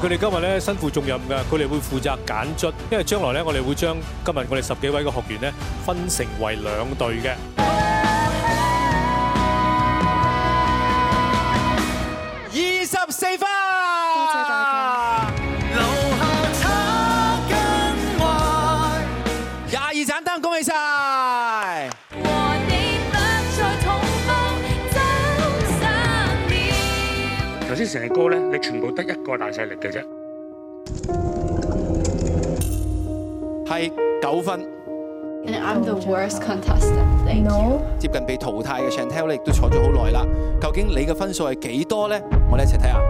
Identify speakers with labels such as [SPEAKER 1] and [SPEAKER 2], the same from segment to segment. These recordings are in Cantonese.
[SPEAKER 1] 佢哋今日咧身負重任嘅，佢哋會負責揀卒，因為將來咧我哋會將今日我哋十幾位嘅學員咧分成為兩隊嘅。
[SPEAKER 2] 成哥咧，你全部得一個大勢力嘅啫，
[SPEAKER 3] 係九分。
[SPEAKER 4] I'm the worst contestant,
[SPEAKER 3] no。接近被淘汰嘅 Chantelle 咧，亦都坐咗好耐啦。究竟你嘅分數係幾多咧？我哋一齊睇下。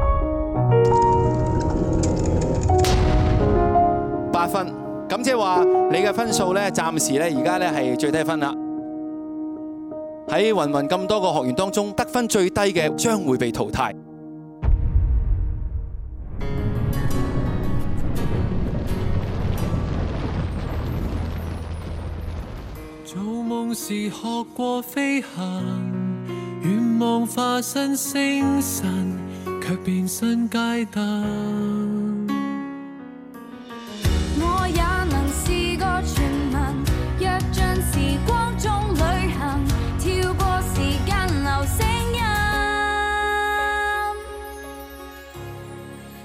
[SPEAKER 3] 八分，咁即係話你嘅分數咧，暫時咧而家咧係最低分啦。喺芸芸咁多個學員當中，得分最低嘅將會被淘汰。
[SPEAKER 5] 夢時學過飛行，願望化身星辰，卻變身街燈。
[SPEAKER 6] 我也能試過傳聞，若進時光中旅行，跳過時間留聲音。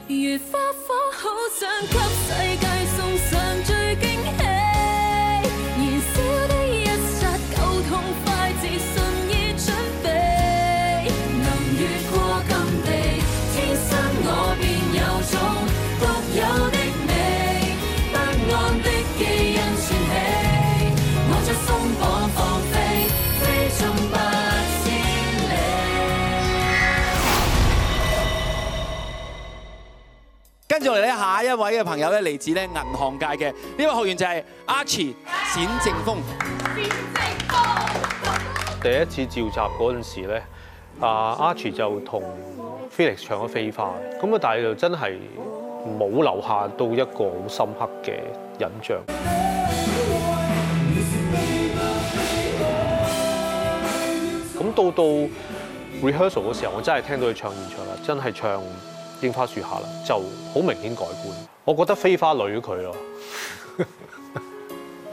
[SPEAKER 6] 如花火，好想給世界。
[SPEAKER 3] 跟住嚟咧，下，下一位嘅朋友咧嚟自咧銀行界嘅呢位學員就係 Archie 冼靖峰，冼靖峰。
[SPEAKER 1] 第一次召集嗰陣時咧，阿、嗯 uh, Archie 就同 Felix 唱咗《飛花》咁啊，嗯、但係就真係冇留下到一個好深刻嘅印象。咁 到到 rehearsal 嗰時候，我真係聽到佢唱現場啦，真係唱。櫻花樹下啦，就好明顯改觀。我覺得飛花累咗佢咯。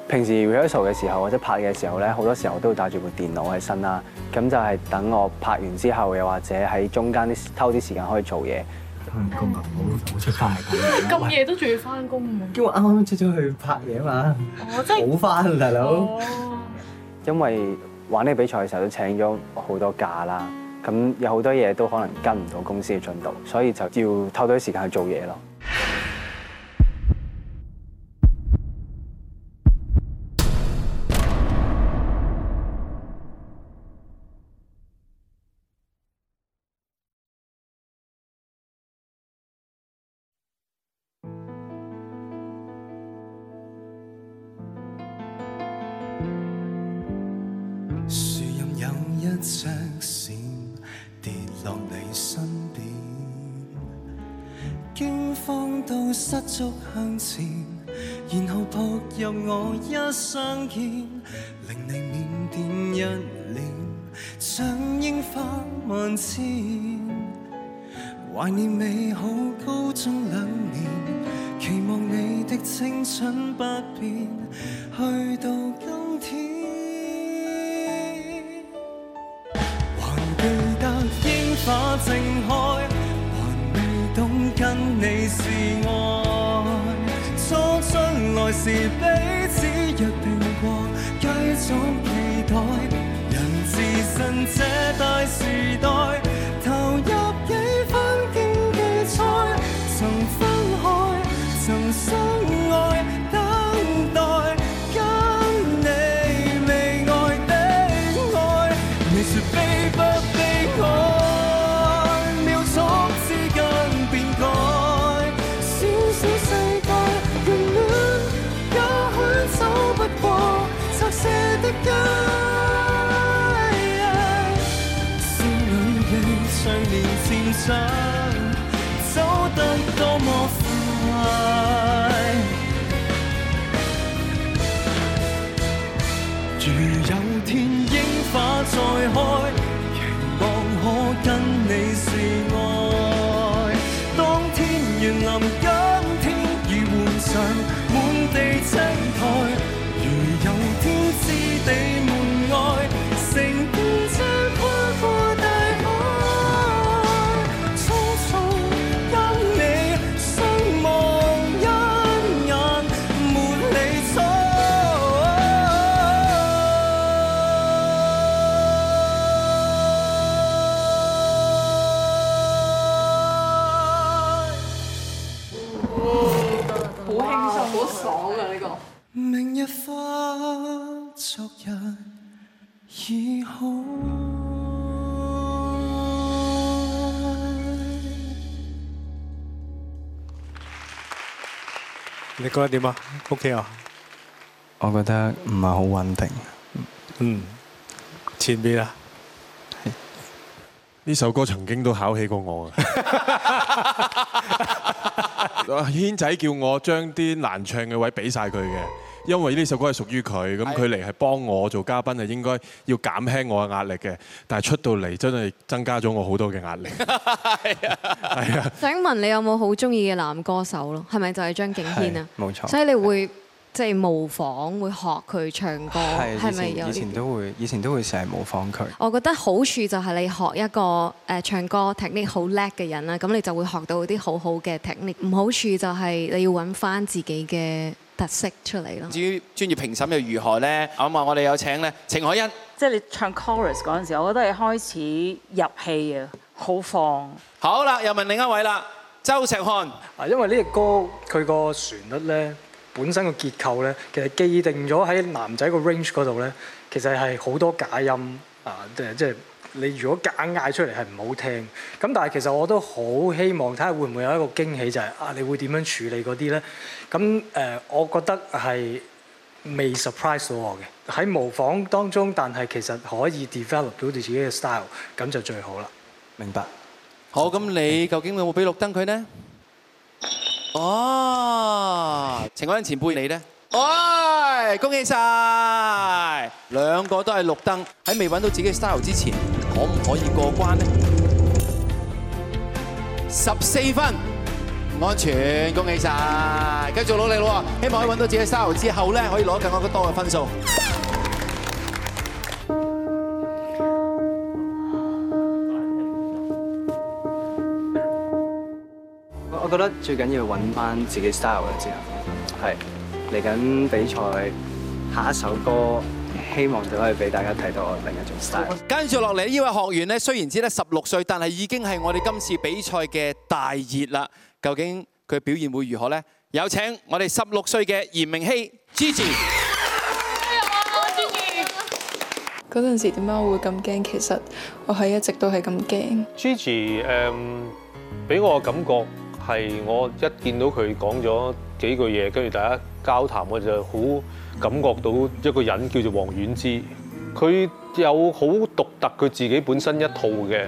[SPEAKER 1] 平時 rehearsal 嘅時候或者拍嘅時候咧，好多時候都會帶住部電腦喺身啦。咁就係等我拍完之後，又或者喺中間啲偷啲時間可以做嘢。
[SPEAKER 7] 開工啊，好，好出街咁。咁夜都仲
[SPEAKER 8] 要翻工唔，叫我啱啱出
[SPEAKER 7] 咗去拍嘢嘛。我
[SPEAKER 8] 真
[SPEAKER 1] 係好翻，大佬。因為玩呢個比賽嘅時候都請咗好多假啦。咁有好多嘢都可能跟唔到公司嘅進度，所以就要偷多啲時間去做嘢咯。
[SPEAKER 7] 然後撲入我一雙肩，令你腼腆一臉，像櫻花萬千。懷念美好高中兩年，期望你的青春不變，去到。是彼此約定過，繼續。再看。
[SPEAKER 1] 你覺得點啊？OK 啊？
[SPEAKER 9] 我覺得唔係好穩定。嗯，前邊啊，呢首歌曾經都考起過我啊！軒仔叫我將啲難唱嘅位俾晒佢嘅。因為呢首歌係屬於佢，咁佢嚟係幫我做嘉賓，係應該要減輕我嘅壓力嘅。但係出到嚟真係增加咗我好多嘅壓力。係
[SPEAKER 10] 啊，係啊。想問你有冇好鍾意嘅男歌手囉？係咪就係張敬軒啊？冇錯。所以你會即係模仿，會學佢唱歌，係咪有？以前
[SPEAKER 7] 都會，以前都會成日模仿佢。
[SPEAKER 10] 我覺得好處就係你學一個誒唱歌 technique 好叻嘅人啦，咁你就會學到啲好好嘅 technique。唔好處就係你要搵返自己嘅。特色出嚟咯！
[SPEAKER 3] 至於專業評審又如何咧？咁啊，我哋有請咧，程海欣。
[SPEAKER 11] 即係你唱 chorus 嗰陣時，我覺得係開始入戲啊，很好放。好啦，又問另一位啦，
[SPEAKER 1] 周石漢。啊，因為呢個歌佢個旋律呢，的本身個結構呢，其實既定咗喺男仔個 range 嗰度呢，其實係好多假音啊，即係。你如果夾硬嗌出嚟係唔好聽，咁但係其實我都好希望睇下會唔會有一個驚喜，就係啊你會點樣處理嗰啲呢？咁誒，我覺得係未 surprise 到我嘅，喺模仿當中，但係其實可以 develop 到你自己嘅 style，咁就最好啦。明白。明白 好，咁你究竟有冇俾綠燈佢
[SPEAKER 3] 呢？哦、啊，陳安前輩你呢？哦，恭喜晒！兩個都係綠燈，喺未揾到自己 style 之前。可唔可以過關呢？十四分，安全，恭喜晒！繼續努力咯！希望可以揾到自己 style 之後咧，可以攞更加多嘅分數。
[SPEAKER 1] 我我覺得最緊要揾翻自己 style 嘅時候係嚟緊比
[SPEAKER 7] 賽下一首歌。希望就可以俾大家睇到
[SPEAKER 3] 我另一種 style。跟住落嚟呢位學員咧，雖然只得十六歲，但係已經係我哋今次比賽嘅大熱啦。究竟佢表現會如何咧？有請我哋十六歲嘅炎明熹 Gigi、
[SPEAKER 12] 啊啊啊、Gigi 我好專業。
[SPEAKER 4] 嗰陣時點解會咁驚？其實我係一直都係咁驚。Gigi
[SPEAKER 1] 誒、呃，俾我感覺係我一見到佢講咗幾句嘢，跟住大家。交談我就好感覺到一個人叫做王菀之，佢有好獨特，佢自己本身一套嘅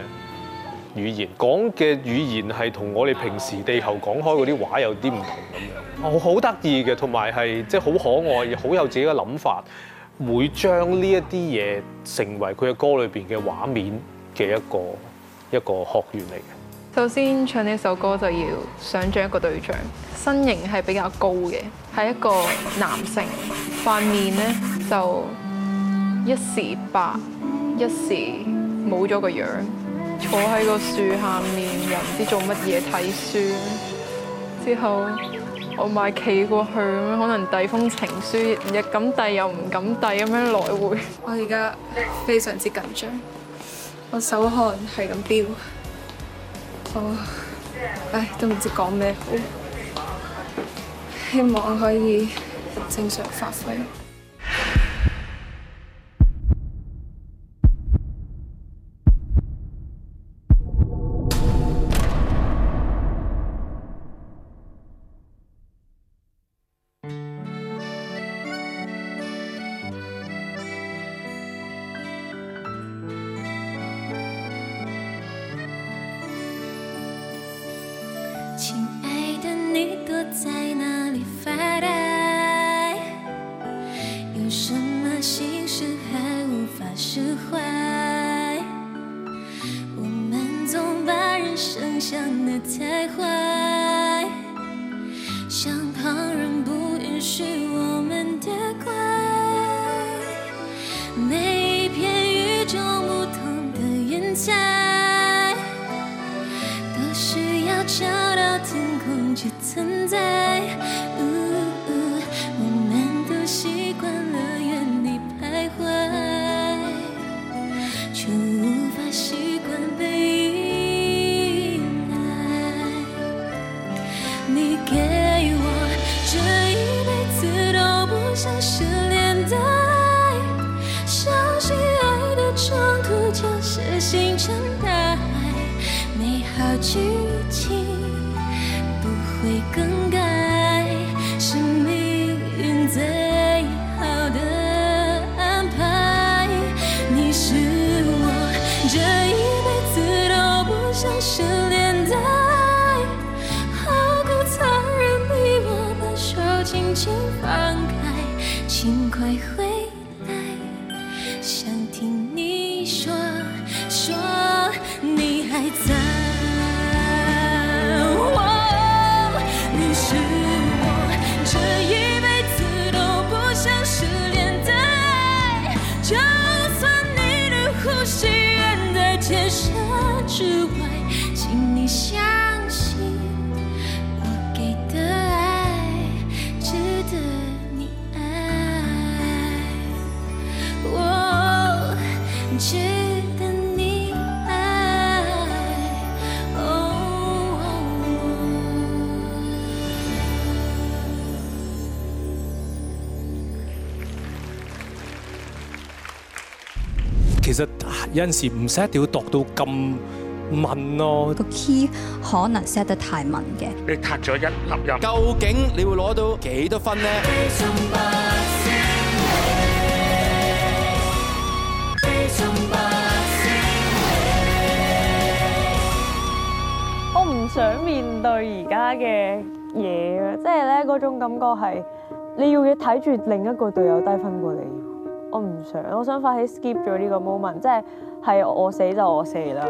[SPEAKER 1] 語言，講嘅語言係同我哋平時地球講開嗰啲話有啲唔同咁樣，哦，好得意嘅，同埋係即係好可愛，亦好有自己嘅諗法，會將呢一啲嘢成為佢嘅歌裏邊嘅畫面嘅一個一個學員嚟。
[SPEAKER 4] 首先唱呢首歌就要想象一個對象，身形係比較高嘅，係一個男性，塊面呢就一時白，一時冇咗個樣，坐喺個樹下面又唔知做乜嘢睇書。之後我咪企過去咁樣，可能遞封情書，不敢遞又唔敢遞咁樣來回。我而家非常之緊張，我手汗係咁飆。哦，唉，都唔知講咩好，希望可以正常發揮。
[SPEAKER 1] 有陣時唔 set 一定要度到咁敏咯，個
[SPEAKER 13] key 可能 set 得太敏嘅。
[SPEAKER 1] 你撻咗一粒音，究竟你會攞到幾多分咧？我
[SPEAKER 11] 唔想面對而家嘅嘢啊，即係咧嗰種感覺係你要要睇住另一個隊友低分過你。我唔想，我想快啲 skip 咗呢個 moment，即係係我死就我死啦。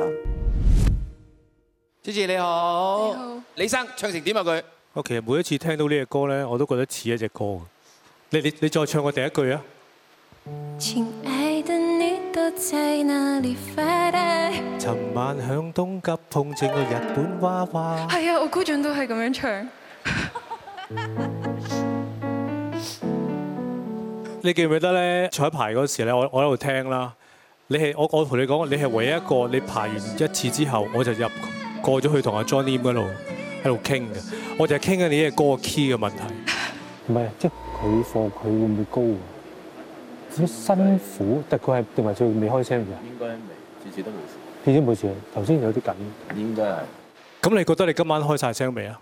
[SPEAKER 1] 小姐你好,你好李先，李生唱成點啊佢？我其實每一次聽到呢隻歌咧，我都覺得似一隻歌你。你你你再唱個第一句啊。
[SPEAKER 6] 親愛的你都在哪裡飛？
[SPEAKER 1] 尋晚響東急碰正個日本娃娃。
[SPEAKER 6] 係啊，我姑
[SPEAKER 4] 丈都係咁樣唱。
[SPEAKER 1] 你記唔記得咧？彩排嗰時咧，我我喺度聽啦。你係我我同你講，你係唯一一個你排完一次之後，我就入過咗去同阿 Johnny 嗰度喺度傾嘅。我就係傾緊你啲歌嘅 key 嘅問題。唔係，即係佢放佢會唔會高？辛苦，但佢係定還是未開聲嘅？啊？應該未，至少都冇事。至少冇事，頭先有啲緊。應該係。咁你覺得你今晚開晒聲未啊？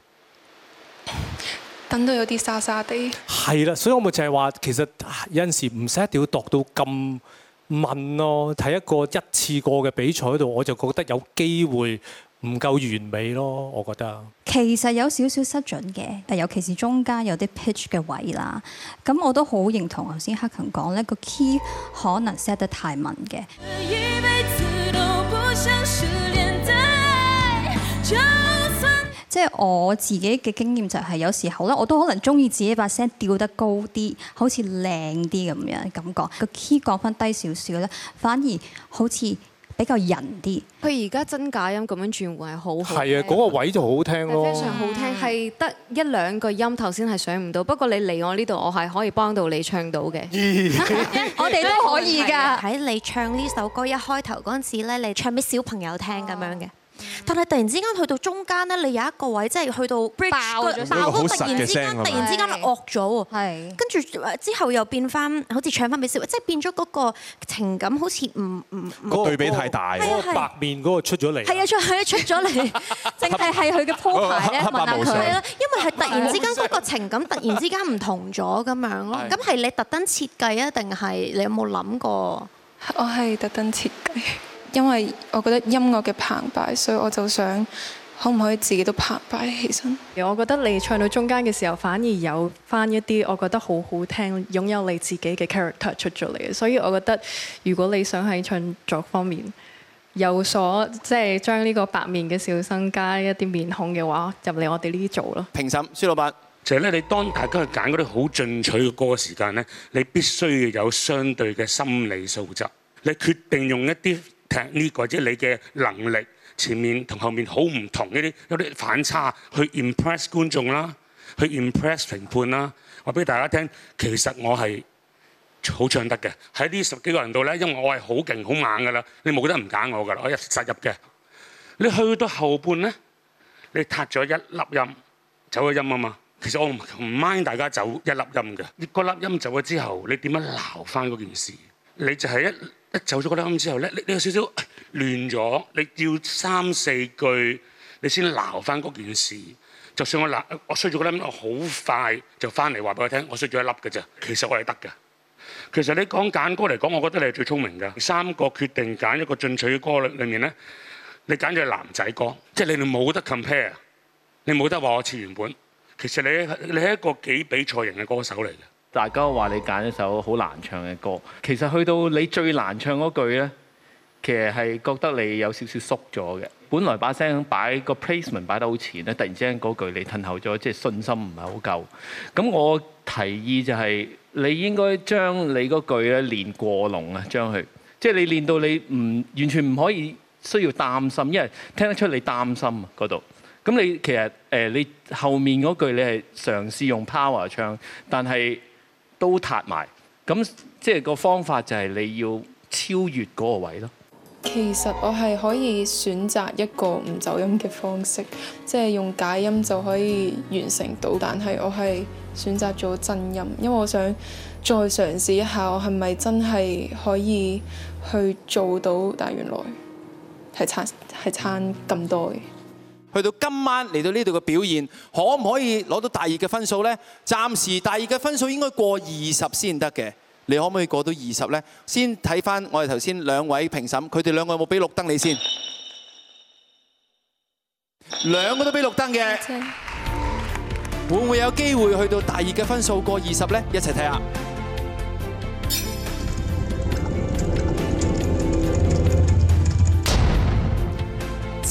[SPEAKER 4] 等都有啲沙沙地，
[SPEAKER 1] 係啦，所以我咪就係話，其實有陣時唔使一定要度到咁問咯。睇一個一次過嘅比賽度，我就覺得有機會唔夠完美咯。我覺得
[SPEAKER 13] 其實有少少失準嘅，尤其是中間有啲 pitch 嘅位啦。咁我都好認同頭先克勤講呢個 key 可能 set 得太問嘅。即係我自己嘅經驗就係有時候咧，我都可能中意自己把聲調得高啲，好似靚啲咁樣感覺。個 key 降翻低少少咧，反而好似比較人啲。佢而家真假音咁樣轉換係好，係
[SPEAKER 1] 啊，嗰個位就好好聽咯。非常
[SPEAKER 10] 好聽是，係得一兩個音頭先係想唔到。不過你嚟我呢度，我係可以幫到你唱到嘅。
[SPEAKER 12] 我哋都可以㗎。
[SPEAKER 10] 喺你唱呢首歌一開頭嗰陣
[SPEAKER 14] 時咧，你唱俾小朋友聽咁樣嘅。但係突然之間去到中間咧，你有一個位即係去到爆咗，爆
[SPEAKER 9] 突然之間對突然之間，對間
[SPEAKER 14] 惡咗喎，跟住對之後又變翻好似搶翻俾小慧，即係變咗嗰個情感好似唔唔嗰個對比太大，
[SPEAKER 1] 嗰個白面嗰個出咗嚟，係啊
[SPEAKER 14] 出係啊出咗嚟，淨
[SPEAKER 1] 係係佢嘅鋪排咧，問下佢，
[SPEAKER 14] 因為係突然之間嗰對個情感突然之間唔同咗咁樣咯。咁係對你特登設計啊，定係你有冇諗過？
[SPEAKER 4] 我係特登設計。因為我覺得音樂嘅澎湃，所以我就想，可唔可以自己都澎湃起
[SPEAKER 15] 身？我覺得你唱到中間嘅時候，反而有返一啲我覺得好好聽，擁有你自己嘅 character 出咗嚟。所以我覺得，如果你想喺創作方面有所，即係將呢個白面嘅小生加一啲面孔嘅話，入嚟我哋呢啲做咯。
[SPEAKER 2] 評審，舒老闆，其實咧，你當大家去揀嗰啲好進取嘅歌嘅時間咧，你必須要有相對嘅心理素質。你決定用一啲。聽呢個或者你嘅能力前面同後面好唔同，呢啲有啲反差去 impress 觀眾啦，去 impress 評判啦，話俾大家聽，其實我係好唱得嘅。喺呢十幾個人度咧，因為我係好勁好猛噶啦，你冇得唔揀我噶啦，我入實入嘅。你去到後半咧，你撻咗一粒音，走咗音啊嘛。其實我唔 mind 大家走一粒音嘅，你嗰粒音走咗之後，你點樣鬧翻嗰件事？你就係一。一走咗嗰粒音之後咧，你你有少少亂咗，你要三四句你先鬧翻嗰件事。就算我鬧，我衰咗粒音，我好快就翻嚟話俾佢聽，我衰咗一粒㗎咋。其實我係得㗎。其實你講揀歌嚟講，我覺得你係最聰明㗎。三個決定揀一個進取嘅歌裏面咧，你揀咗係男仔歌，即係你哋冇得 compare，你冇得話我似原本。其實你你係一個幾比賽型嘅歌手嚟嘅。大家話你
[SPEAKER 16] 揀一首好難唱嘅歌，其實去到你最難唱嗰句呢，其實係覺得你有少少縮咗嘅。本來把聲擺個 placement 擺得好前咧，突然之間嗰句你褪後咗，即係信心唔係好夠。咁我提議就係你應該將你嗰句咧練過龍啊，將佢，即係你練到你唔完全唔可以需要擔心，因為聽得出你擔心嗰度。咁你其實誒你後面嗰句你係嘗試用 power 唱，但係都塌埋，咁即係個方法就係你要超越嗰個位咯。其
[SPEAKER 4] 實我係可以選擇一個唔走音嘅方式，即係用假音就可以完成到，但係我係選擇咗真音，因為我想再嘗試一下我係咪真係可以去做到，但原來係差係差咁多嘅。
[SPEAKER 3] 去到今晚嚟到呢度嘅表現，可唔可以攞到大熱嘅分數呢？暫時大熱嘅分數應該過二十先得嘅，你可唔可以過到二十呢？先睇翻我哋頭先兩位評審，佢哋兩個有冇俾綠燈你先？兩個都俾綠燈嘅，會唔會有機會去到大熱嘅分數過二十呢？一齊睇下。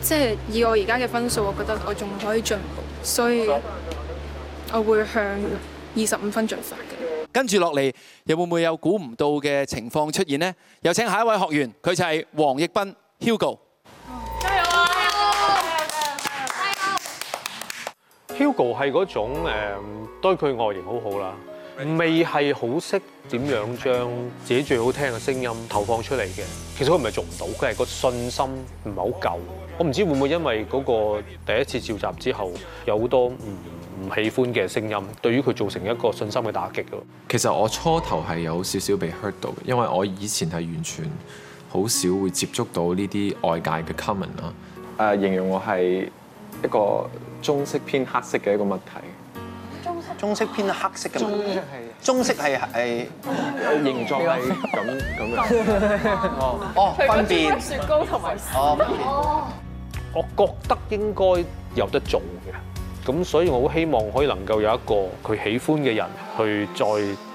[SPEAKER 4] 即係以我而家嘅分數，我覺得我仲可以進步，所以我會向二十五分進發嘅。
[SPEAKER 3] 跟住落嚟又會唔會有估唔到嘅情況出現呢？有請下一位學員，佢就係黃奕斌，Hugo。加油啊！
[SPEAKER 12] 加油！
[SPEAKER 1] 加油！Hugo 係嗰種誒、呃，對佢外形好好啦，未係好識點樣將自己最好聽嘅聲音投放出嚟嘅。其實佢唔係做唔到，佢係個信心唔係好夠。我唔知道會唔會因為嗰個第一次召集之後有好多唔唔喜歡嘅聲音，對於佢造成一個信心嘅打擊咯。
[SPEAKER 17] 其實我初頭係有少少被 hurt 到，因為我以前係完全好少會接觸到呢啲外界嘅 comment 啦。形容我係一個棕色偏黑色嘅一個物體。
[SPEAKER 3] 棕色偏黑色嘅。棕色棕色係有形狀，係
[SPEAKER 1] 咁
[SPEAKER 5] 咁樣。樣哦哦，分辨雪糕同埋哦。
[SPEAKER 1] 我覺得應該有得做嘅，咁所以我好希望可以能夠有一個佢喜歡嘅人去再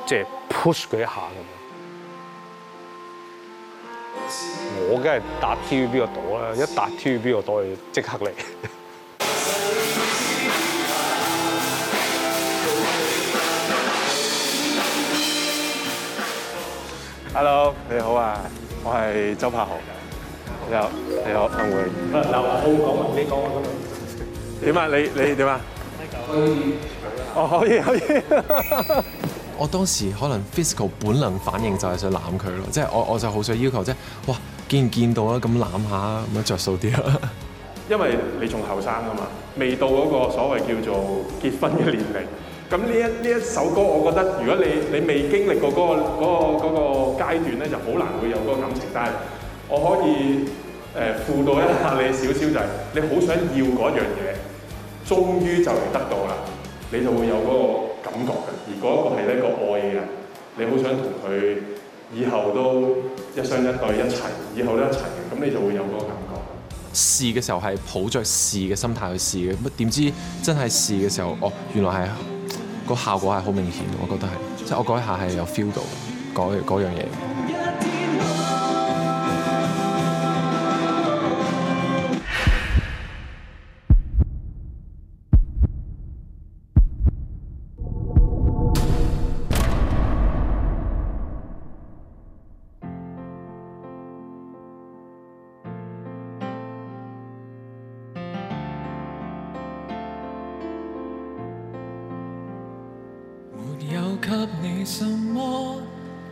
[SPEAKER 1] 即係 push 佢一下咁樣。我梗係搭 TVB 個朵啦，一搭 TVB 個朵佢即刻嚟。
[SPEAKER 9] Hello，你好啊，我係周柏豪。你好，你好，阿、嗯、梅。誒，留
[SPEAKER 1] 我烏講，你
[SPEAKER 9] 講。點啊？你、嗯、你點啊？
[SPEAKER 5] 哦，可以可以。Oh, yeah, yeah.
[SPEAKER 17] 我當時可能 physical 本能反應就係想攬佢咯，即、就、係、是、我我就好想要求即係，哇，見唔見到啊？咁攬下，咁樣着數啲啊？
[SPEAKER 9] 因為你仲後生啊嘛，未到嗰個所謂叫做結婚嘅年齡。咁呢一呢一首歌，我覺得如果你你未經歷過嗰、那個嗰、那個那個階段咧，就好難會有嗰個感情，但係。我可以誒輔導一下、就是、你小超仔，你好想要嗰樣嘢，終於就嚟得到啦，你就會有嗰個感覺嘅。而嗰一個係一個愛嘅人，你好想同佢以後都一雙一對一齊，以後都一齊嘅，咁你就會有嗰個感覺。
[SPEAKER 17] 試嘅時候係抱着試嘅心態去試嘅，點知真係試嘅時候，哦，原來係、個效果係好明顯嘅，我覺得係，即、就、係、係、我嗰一下係有 feel 到嗰，嗰樣嘢。嗰個嗰樣嘢
[SPEAKER 5] 我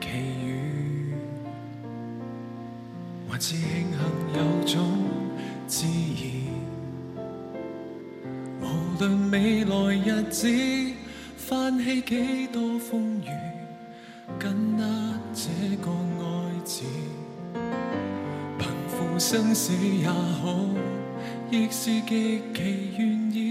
[SPEAKER 5] 給予我還是慶幸有種自然。無論未來日子翻起幾多風雨，緊握這個愛字，貧富生死也好，亦是極其願意。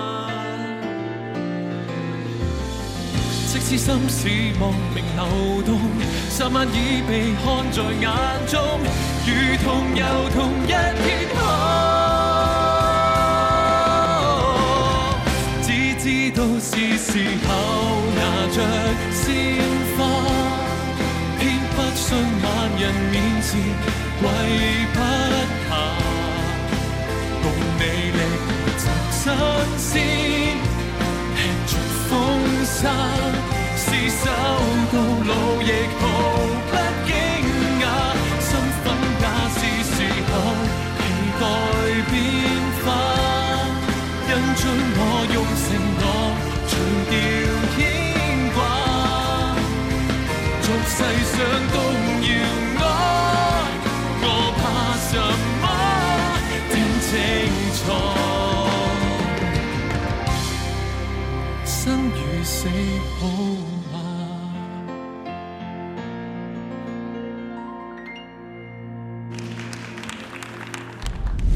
[SPEAKER 5] 癡心事莫名流動，霎眼已被看在眼中，如同又同一天空。只知道是時候拿着鮮花，偏不信萬人面前跪不下，共你歷盡新鮮，吃盡風沙。廝守到老亦可。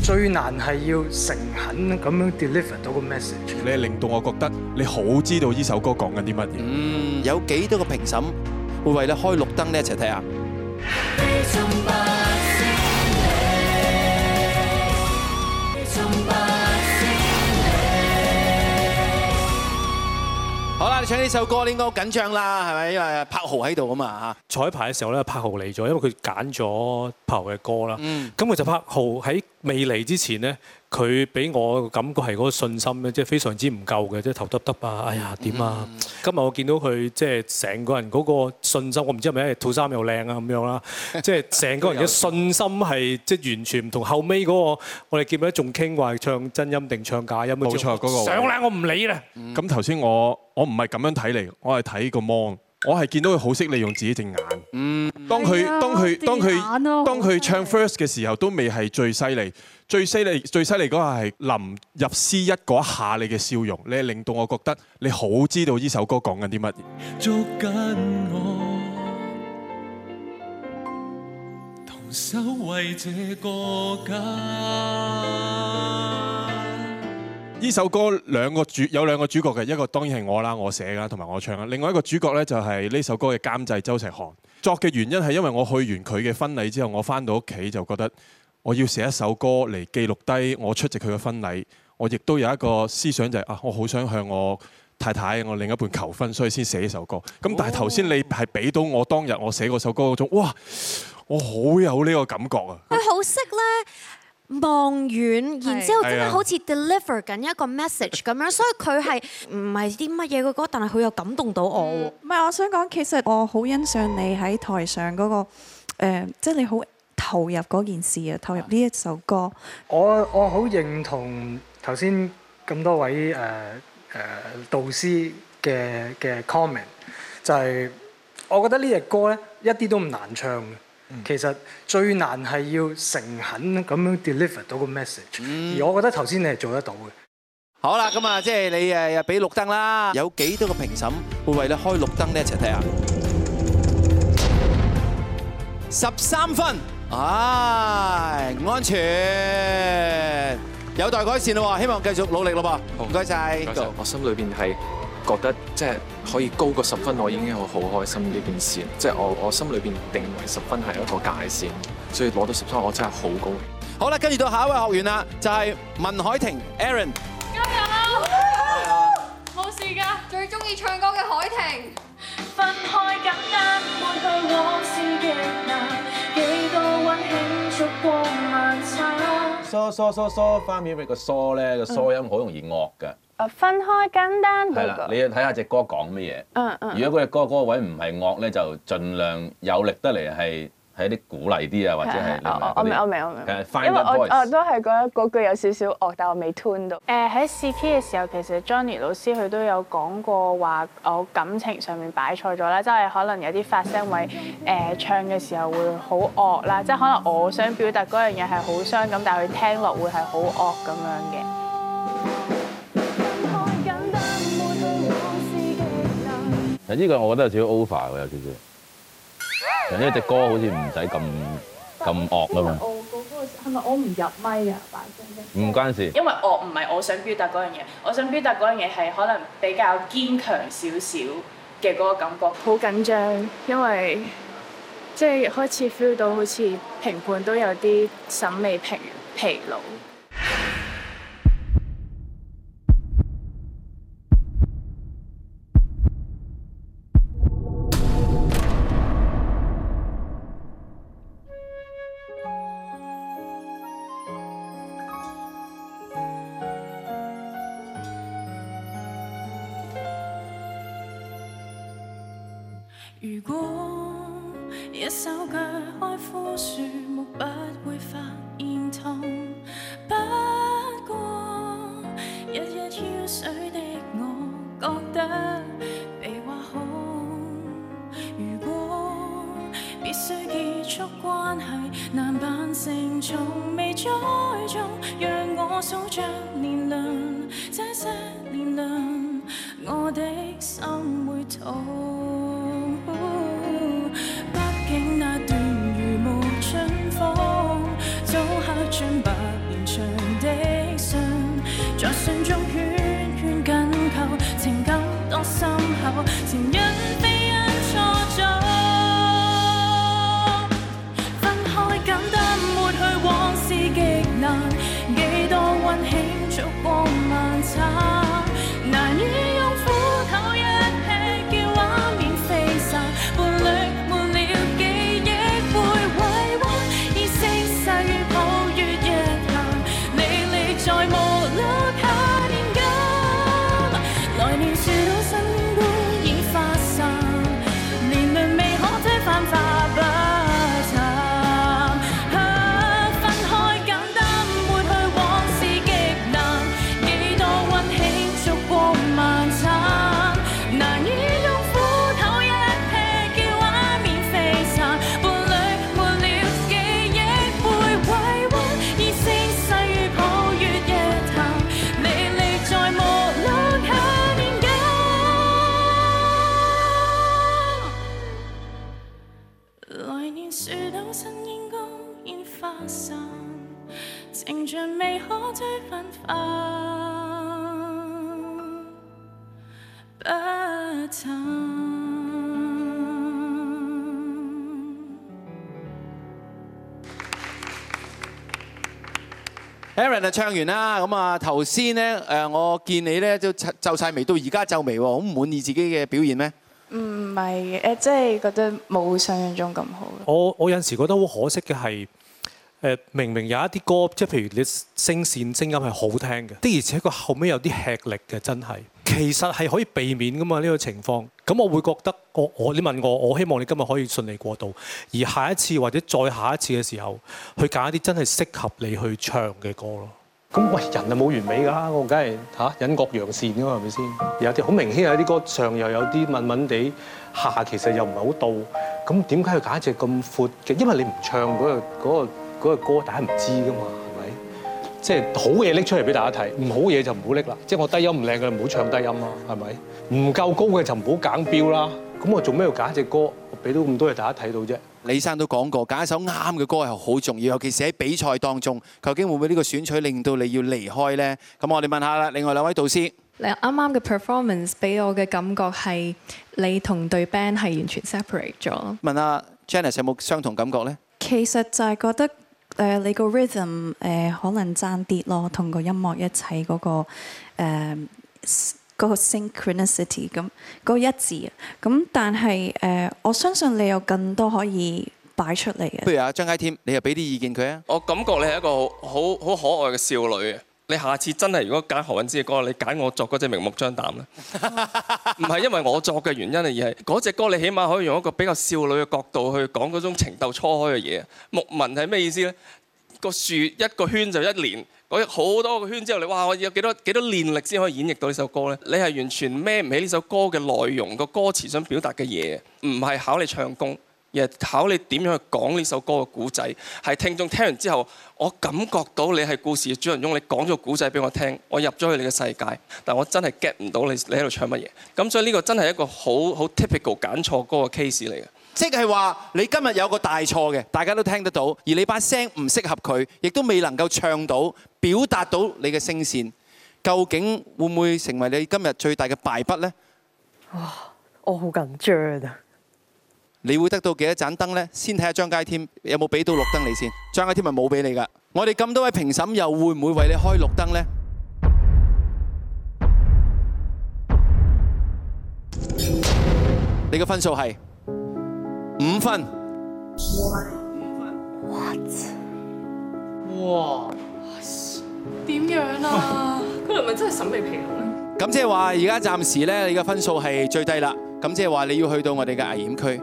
[SPEAKER 9] 最難係要誠懇咁樣 deliver 到個 message。你係令到我覺得你好知道呢首歌講緊啲乜嘢？有幾多個評審會為你開綠燈呢？一齊睇
[SPEAKER 12] 下。
[SPEAKER 1] 好啦，你唱呢首歌，你應該好緊張啦，係咪？因為柏豪喺度啊嘛嚇。彩排嘅時候咧，柏豪嚟咗，因為佢揀咗柏豪嘅歌啦。咁佢就柏豪喺。未嚟之前咧，佢俾我感覺係嗰個信心咧，即係非常之唔夠嘅，即係頭耷耷啊，哎呀點啊！今日我見到佢即係成個人嗰個信心，我唔知係咪因為套衫又靚啊咁樣啦，即係成個人嘅信心係即係完全唔同。後尾嗰個我哋見到仲傾話係唱真音定唱
[SPEAKER 9] 假音？冇錯，嗰個上啦，我唔理啦。咁頭先我我唔係咁樣睇嚟，我係睇個 mon。我係見到佢好識利用自己隻眼，
[SPEAKER 13] 當佢當佢當佢
[SPEAKER 9] 當佢唱 first 嘅時候都未係最犀利，最犀利最犀利嗰個係臨入 C 一嗰一下你嘅笑容，你係令到我覺得你好知道呢首歌講緊啲乜嘢。
[SPEAKER 5] 捉緊我，同守衛這個家。
[SPEAKER 9] 呢首歌兩個主有兩個主角嘅，一個當然係我啦，我寫啦，同埋我唱啦。另外一個主角呢，就係呢首歌嘅監製周石寒。作嘅原因係因為我去完佢嘅婚禮之後，我返到屋企就覺得我要寫一首歌嚟記錄低我出席佢嘅婚禮。我亦都有一個思想就係啊，我好想向我太太，我另一半求婚，所以先寫呢首歌。咁但係頭先你係俾到我當日我寫嗰首歌嗰種，哇！我好有呢個感覺啊！
[SPEAKER 14] 佢好識咧。望遠，然之後真係好似 deliver 緊一個 message 咁樣，所以佢係唔係啲乜嘢嘅歌？但係佢又感動到我。
[SPEAKER 15] 唔係，我想講，其實我好欣賞你喺台上嗰個誒，即係你好投入嗰件事啊，投入呢一首歌。
[SPEAKER 1] 我我好認同頭先咁多位誒誒導師嘅嘅 comment，就係我覺得呢隻歌咧一啲都唔難唱。嗯、其實最難係要誠懇咁樣 deliver 到個 message，而我覺得頭先你係做得到嘅、嗯。
[SPEAKER 3] 好啦，咁啊，即係你誒又俾綠燈啦。有幾多個評審會為你開綠燈呢？一齊睇下。十三分，啊，唉，安全，有待改善咯。希望繼
[SPEAKER 17] 續努力咯，噃好。唔該曬。謝謝 Go 我心裏邊係。覺得即係可以高過十分，我已經好好開心呢件事。即係我我心裏邊定為十分係一個界線，所以攞到十分，我真係好高興。好啦，跟住到下一位學員啦，就係、是、文凱
[SPEAKER 3] 婷 Aaron。
[SPEAKER 18] 加油！冇事㗎，最中意唱歌嘅凱婷。分開簡單，面對往事極難，幾多
[SPEAKER 19] 溫
[SPEAKER 20] 馨燭光晚
[SPEAKER 21] 餐。疏疏疏疏，花面嘅疏咧，個疏音好容易惡㗎。
[SPEAKER 20] 誒，分開簡單，你
[SPEAKER 21] 要睇下隻歌講乜嘢。嗯
[SPEAKER 20] 嗯。如果
[SPEAKER 21] 嗰隻歌嗰個位唔係惡咧，就儘量有力得嚟係一啲鼓勵啲啊，或者係。我明我明我明。是 find 因為我 that voice.
[SPEAKER 20] 我都係覺得嗰句有少少惡，但我未 tune 到。誒，喺試 K 嘅時候，其實 Johnny 老師佢都有講過話，我感情上面擺錯咗啦，即係可能有啲發聲位誒唱嘅時候會好惡啦，即係可能我想表達嗰樣嘢係好傷感，但佢聽落會係好惡咁樣嘅。
[SPEAKER 21] 呢個我覺得有少少 over 喎，有少少。因為隻歌好似唔使咁咁惡啊嘛。我係咪我唔入咪
[SPEAKER 20] 啊？
[SPEAKER 21] 唔關事。因
[SPEAKER 20] 為惡唔係我想表達嗰樣嘢，我想表達嗰樣嘢係可能比較堅強少少嘅嗰個感覺。好緊張，因為即係、就是、開始 feel 到好似評判都有啲審美疲疲勞。
[SPEAKER 19] 如果一手鋸開枯樹木不會發現痛，不過日日澆水的我覺得被挖空。如果必須結束關係，難扮成從未栽種，讓我數着。人未可追，分
[SPEAKER 3] 芳不 Aaron 啊，唱完啦，咁啊，頭先呢，誒，我見你咧就皺晒眉，到而家皺眉喎，好唔滿意自己嘅表現咩？
[SPEAKER 20] 唔係誒，即係覺得冇想象中咁好
[SPEAKER 1] 我。我我有陣時覺得好可惜嘅係。明明有一啲歌，即係譬如你聲線、聲音係好聽嘅，的而且佢後尾有啲吃力嘅，真係其實係可以避免㗎嘛，呢個情況。咁我會覺得，我我你問我，我希望你今日可以順利過渡，而下一次或者再下一次嘅時候，去揀一啲真係適合你去唱嘅歌咯。咁喂，人就冇完美㗎，我梗係嚇隱惡揚善㗎嘛，係咪先？有啲好明顯係啲歌上又有啲悶悶地，下其實又唔係好到。咁點解要揀一隻咁闊嘅？因為你唔唱嗰個嗰個。嗰個嗰個歌大家唔知噶嘛，係咪？即係好嘢拎出嚟俾大家睇，唔好嘢就唔好拎啦。即係我低音唔靚嘅，唔好唱低音啦，係咪？唔夠高嘅就唔好揀標啦。咁我做咩要揀隻歌？我俾到咁多嘢大家睇到啫。李生都講過，揀一首啱嘅歌係好
[SPEAKER 3] 重要，尤其是喺比賽當中，究竟會唔會呢個選取令到你要離開咧？咁我哋問下啦，另外兩位導師，
[SPEAKER 15] 你啱啱嘅 performance 俾我嘅感覺係你同對 band 係完全 separate 咗。
[SPEAKER 3] 問下 Janice 有冇相同感覺咧？
[SPEAKER 15] 其實就係覺得。誒，你個 rhythm 誒可能爭啲咯，同個音樂一齊嗰、嗰個誒 synchronicity 咁嗰個一致。啊，咁但係誒我相信你有更多可以擺出嚟嘅。
[SPEAKER 3] 不如阿張佳添，你又俾啲意見佢啊？我感覺你係一個好好可愛嘅少女啊！你下次真係如果揀何韻詩嘅歌，你揀我作嗰隻明目張膽啦，唔係 因為我作嘅原因而，而係嗰隻歌你起碼可以用一個比較少女嘅角度去講嗰種情竇初開嘅嘢。木紋係咩
[SPEAKER 17] 意思咧？個樹一個圈就一年，
[SPEAKER 3] 好多個圈之後你哇，我有幾多幾多練力先可以演繹到呢首歌咧？你係完全孭唔起呢首歌嘅內容，個歌詞想表達嘅嘢，唔係考你唱功。考你點樣去講呢首歌嘅古仔，係聽眾聽完之後，我感覺到你係故事嘅主人翁。你講咗個古仔俾我聽，我入咗去你嘅世界，但我真係 get 唔到你你喺度唱乜嘢。咁所以呢個真係一個好好 typical 揀錯歌嘅 case 嚟嘅。即係話你今日有個大錯嘅，大家都聽得到，而你把聲唔適合佢，亦都未能夠唱到表達到你嘅聲線，究竟會唔會成為你今日最大嘅敗筆呢？
[SPEAKER 14] 哇！我好緊
[SPEAKER 3] 張。你會得到幾多盞燈咧？先睇下張佳添有冇俾到綠燈你先。張佳添咪冇俾你噶。我哋咁多位評審又會唔會為你開綠燈咧？你嘅分數係五分。
[SPEAKER 12] 五分
[SPEAKER 19] ？What？
[SPEAKER 3] 哇！
[SPEAKER 8] 點樣啊？佢係咪
[SPEAKER 14] 真係審美疲勞。
[SPEAKER 3] 咁即係話，而家暫時咧，你嘅分數係最低啦。咁即係話，你要去到我哋嘅危險區。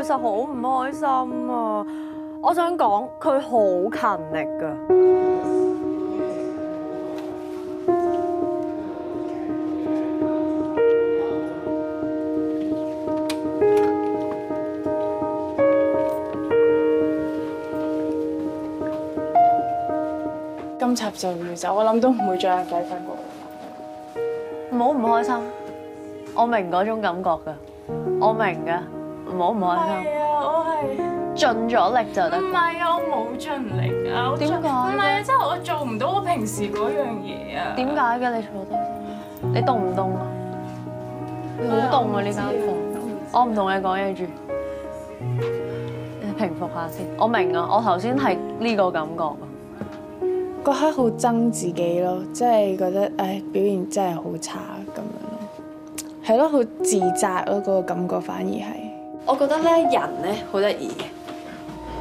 [SPEAKER 14] 其實好唔開心啊！
[SPEAKER 8] 我想講，佢好勤力㗎。
[SPEAKER 20] 今集就完咗，我諗都唔會再有計分過我。唔好唔開心，我明嗰種感覺㗎，我明㗎。唔好唔好啊！係啊，我係盡咗力就得。唔係，我冇盡力啊！點解？唔係啊，即係我做唔到我平時嗰樣嘢啊。點解嘅？你坐低你凍唔凍
[SPEAKER 12] 啊？
[SPEAKER 20] 好凍啊！呢間
[SPEAKER 12] 房。
[SPEAKER 20] 我唔同你講嘢住。你平復下先。我明啊，我頭先係呢個感覺啊，嗰刻好憎自己咯，即係覺得誒表現真係好差咁樣咯。係咯，好自責咯，嗰個感覺反而係。
[SPEAKER 15] 我覺得咧，人咧好得意嘅。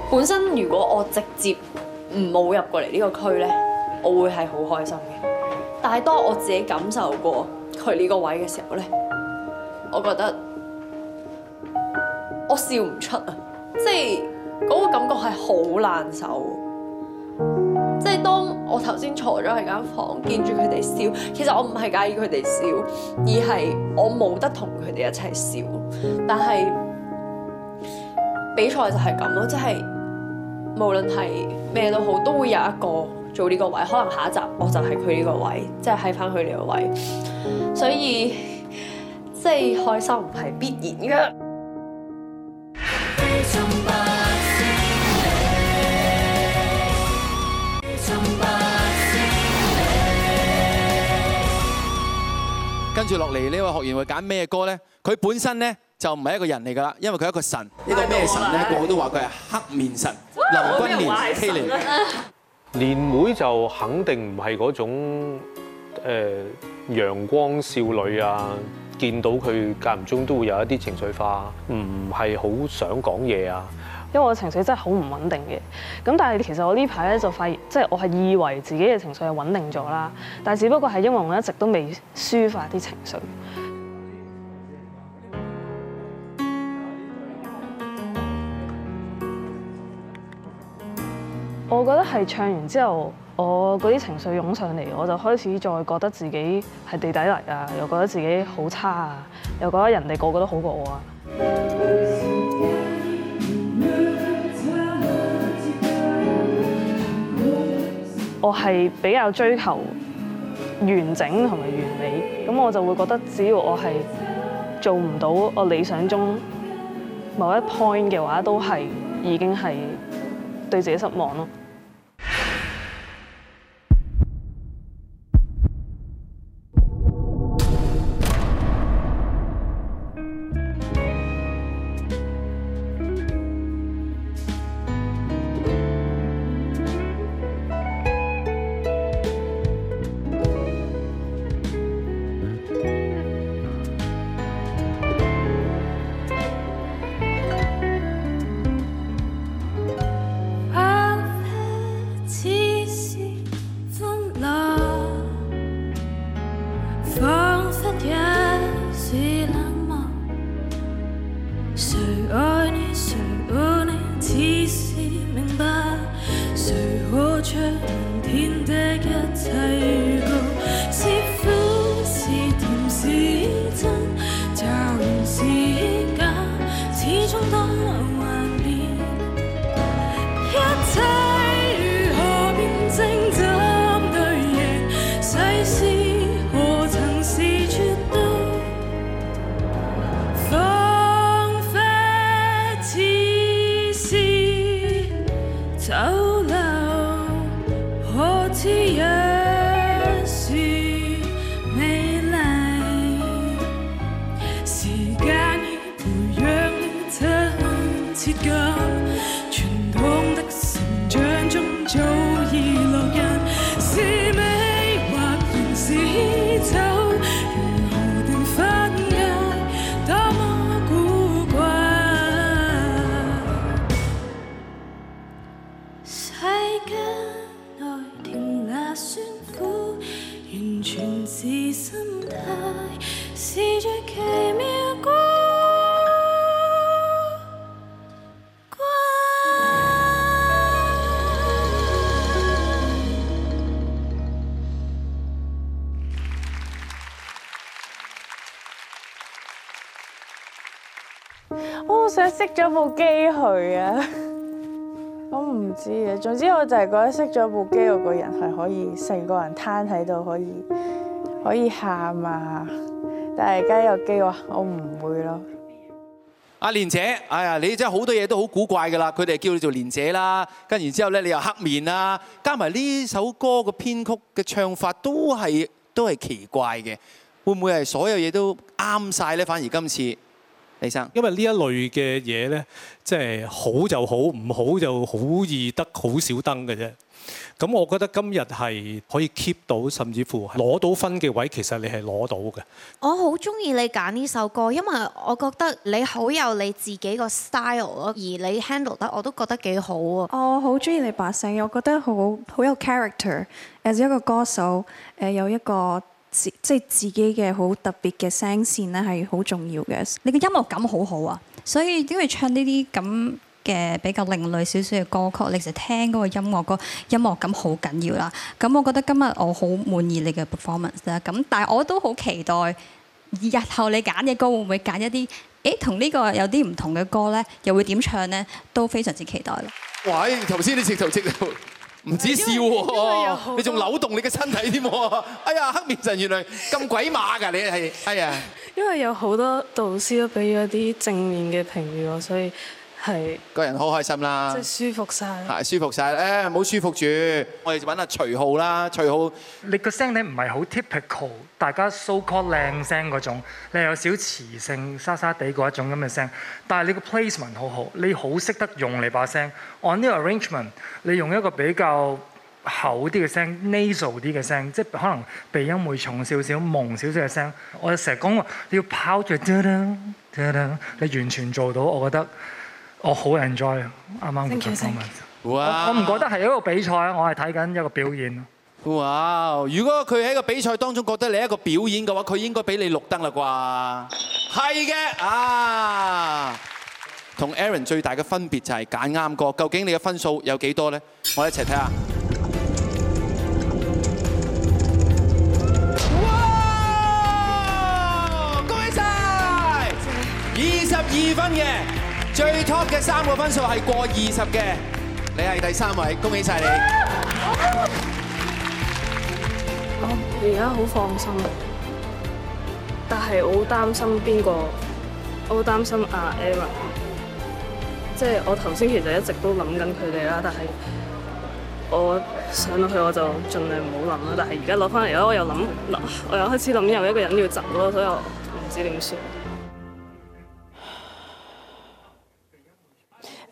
[SPEAKER 20] 本
[SPEAKER 8] 身如果我直接唔冇入過嚟呢個區咧，我會係好開心嘅。但係當我自己感受過佢呢個位嘅時候咧，我覺得我笑唔出，即係嗰個感覺係好難受。即係當我頭先坐咗喺間房，見住佢哋笑，其實我唔係介意佢哋笑，而係我冇得同佢哋一齊
[SPEAKER 11] 笑，但係，比
[SPEAKER 8] 賽就係咁咯，即係無論係咩都好，都會有一個做呢個位。可能下一集我
[SPEAKER 11] 就係佢呢個
[SPEAKER 8] 位，即係喺翻佢呢個位，所以即係開心係
[SPEAKER 22] 必然嘅。
[SPEAKER 3] 跟住落嚟呢位學員會揀咩歌呢？佢本身呢，就唔係一個人嚟噶啦，因為佢係一個神，一個咩神咧？個個都話佢係黑面神，
[SPEAKER 12] 哇林君年欺
[SPEAKER 1] 靈年妹就肯定唔係嗰種誒、呃、陽光少女啊！見到佢間唔中都會有一啲情緒化，唔係好想講嘢啊！因
[SPEAKER 11] 為我的情緒真係好唔穩定嘅。咁但係其實我呢排咧就發現，即、就、係、是、我係以為自己嘅情緒係穩定咗啦，但係只不過係因為我一直都未抒發啲情緒。我覺得係唱完之後，我嗰啲情緒湧上嚟，我就開始再覺得自己係地底泥啊，又覺得自己好差啊，又覺得人哋個個都好過我啊。我係比較追求完整同埋完美，咁我就會覺得只要我係做唔到我理想中某一 point 嘅話，都係已經係對自己失望咯。
[SPEAKER 20] 我好想熄咗部機去啊！我唔知啊，總之我就係覺得熄咗部機，我個人係可以成個人癱喺度，可以可以喊啊！但係而家有機，我我唔會咯。
[SPEAKER 3] 阿蓮姐，哎呀，你真係好多嘢都好古怪噶啦！佢哋叫你做蓮姐啦，跟然之後咧，你又黑面啦，加埋呢首歌個編曲嘅唱法都係都係奇怪嘅。會唔會係所有嘢都啱晒咧？反而今次？
[SPEAKER 1] 李生，因為呢一類嘅嘢呢，即係好就好，唔好就好易得好少登嘅啫。咁我覺得今日係可以 keep 到，甚至乎攞到分嘅位，其實你係攞到嘅。
[SPEAKER 14] 我好中意你揀呢首歌，因為我
[SPEAKER 15] 覺得你好有你自己個 style，而你 handle 得我都覺得幾好啊。我好中意你把聲，我覺得好好有 character，as 一個歌手，有一個。即係自己嘅好特別嘅聲線咧，係好重要嘅。你嘅
[SPEAKER 13] 音樂感好好啊，所以因為唱呢啲咁嘅比較另類少少嘅歌曲，你其實聽嗰個音樂個音樂感好緊要啦。咁我覺得今日我好滿意你嘅 performance 啦。咁，但係我都好期待日後你揀嘅歌會唔會揀一啲誒同呢個有啲唔同嘅歌咧，又會點唱咧，都非常之期待啦。
[SPEAKER 3] 喂，頭先你直頭直頭。唔止笑喎，你仲扭動你嘅身體添喎！哎呀，黑面神原來咁鬼馬㗎，你係，哎呀，
[SPEAKER 11] 因為有好多導師都俾咗啲正面嘅評語我，所以。係個人好開心啦，即係舒服晒，係
[SPEAKER 3] 舒服晒，誒，唔好舒服住，我哋就揾下徐浩啦。徐浩，你個聲你唔
[SPEAKER 1] 係好 typical，大家 so called 靚聲嗰種，你有少磁性、沙沙地嗰一種咁嘅聲。但係你個 placement 好好，你好識得用你把聲。On 啲
[SPEAKER 3] arrangement，你用一個比較厚啲嘅聲、nasal 啲嘅聲，即係可能
[SPEAKER 1] 鼻音會重少少、朦少少嘅聲。我就成日講話你要拋住，你完全做到，我覺得。我好 enjoy，啱啱唔同講啊！
[SPEAKER 3] 我唔覺得係一個比賽，我係睇緊一個表演。哇！如果佢喺個比賽當中覺得你一個表演嘅話，佢應該俾你綠燈啦啩？係嘅，啊！同 Aaron 最大嘅分別就係揀啱歌。究竟你嘅分數有幾多呢？我哋一齊睇下。哇！恭喜晒！二十二分嘅。最 top 嘅三個分數係過二十嘅，你係第三位，恭喜晒你！
[SPEAKER 11] 我而家好放心，但係我好擔心邊個，我好擔心阿 Emma。即係我頭先其實一直都諗緊佢哋啦，但係我上到去我就盡量唔好諗啦。但係而家攞翻嚟咯，我又諗，我又開始諗有一個人要走咯，所以我唔知點算。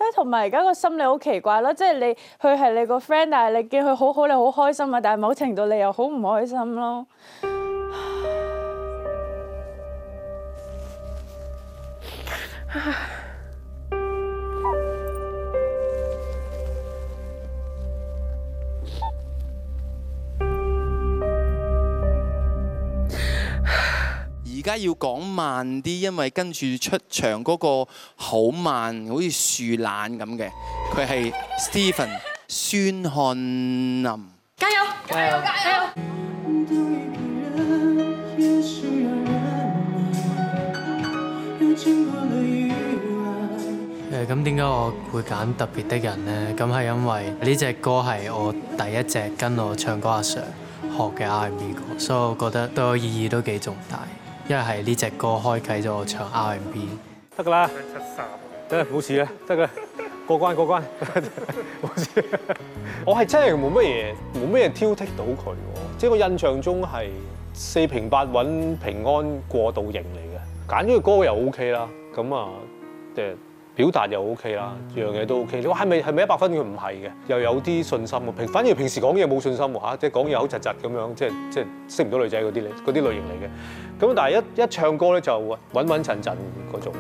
[SPEAKER 20] 咧，同埋而家個心理好奇怪咯，即係你佢係你個 friend，但係你見佢好好，你好開心啊，但係某程度你又好唔開心咯。
[SPEAKER 3] 而家要講慢啲，因為跟住出場嗰個好慢，好似樹懶咁嘅。佢係 Stephen 孫漢霖。
[SPEAKER 6] 加油！加油！
[SPEAKER 7] 加油！
[SPEAKER 16] 誒咁點解我會揀特別的人呢？咁係因為呢隻歌係我第一隻跟我唱歌嘅阿 Sir 學嘅 R&B
[SPEAKER 3] 歌，所以我覺得都有意義，都幾重大。因為係呢隻歌開啟咗我唱 R&B 得
[SPEAKER 1] 㗎啦，七十三，真係冇事嘅，得㗎，過關過關好似。呵呵的我係真係冇乜嘢，冇乜挑剔到佢，即係我印象中係四平八穩、平安過渡型嚟嘅。揀咗個歌又 OK 啦，咁啊誒表達又 OK 啦，樣樣嘢都 OK，你話係咪係咪一百分？佢唔係嘅，又有啲信心喎。平反而平時講嘢冇信心喎，即係講嘢好窒窒咁樣，即係即係識唔到女仔啲嗰啲類型嚟嘅。咁但係一一，唱歌咧就穩穩陣陣嗰種。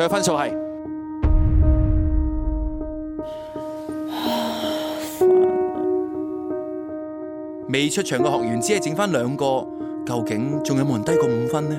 [SPEAKER 3] 佢嘅分數係未出場嘅學員只剩翻兩個，究竟仲有冇人低過五分呢？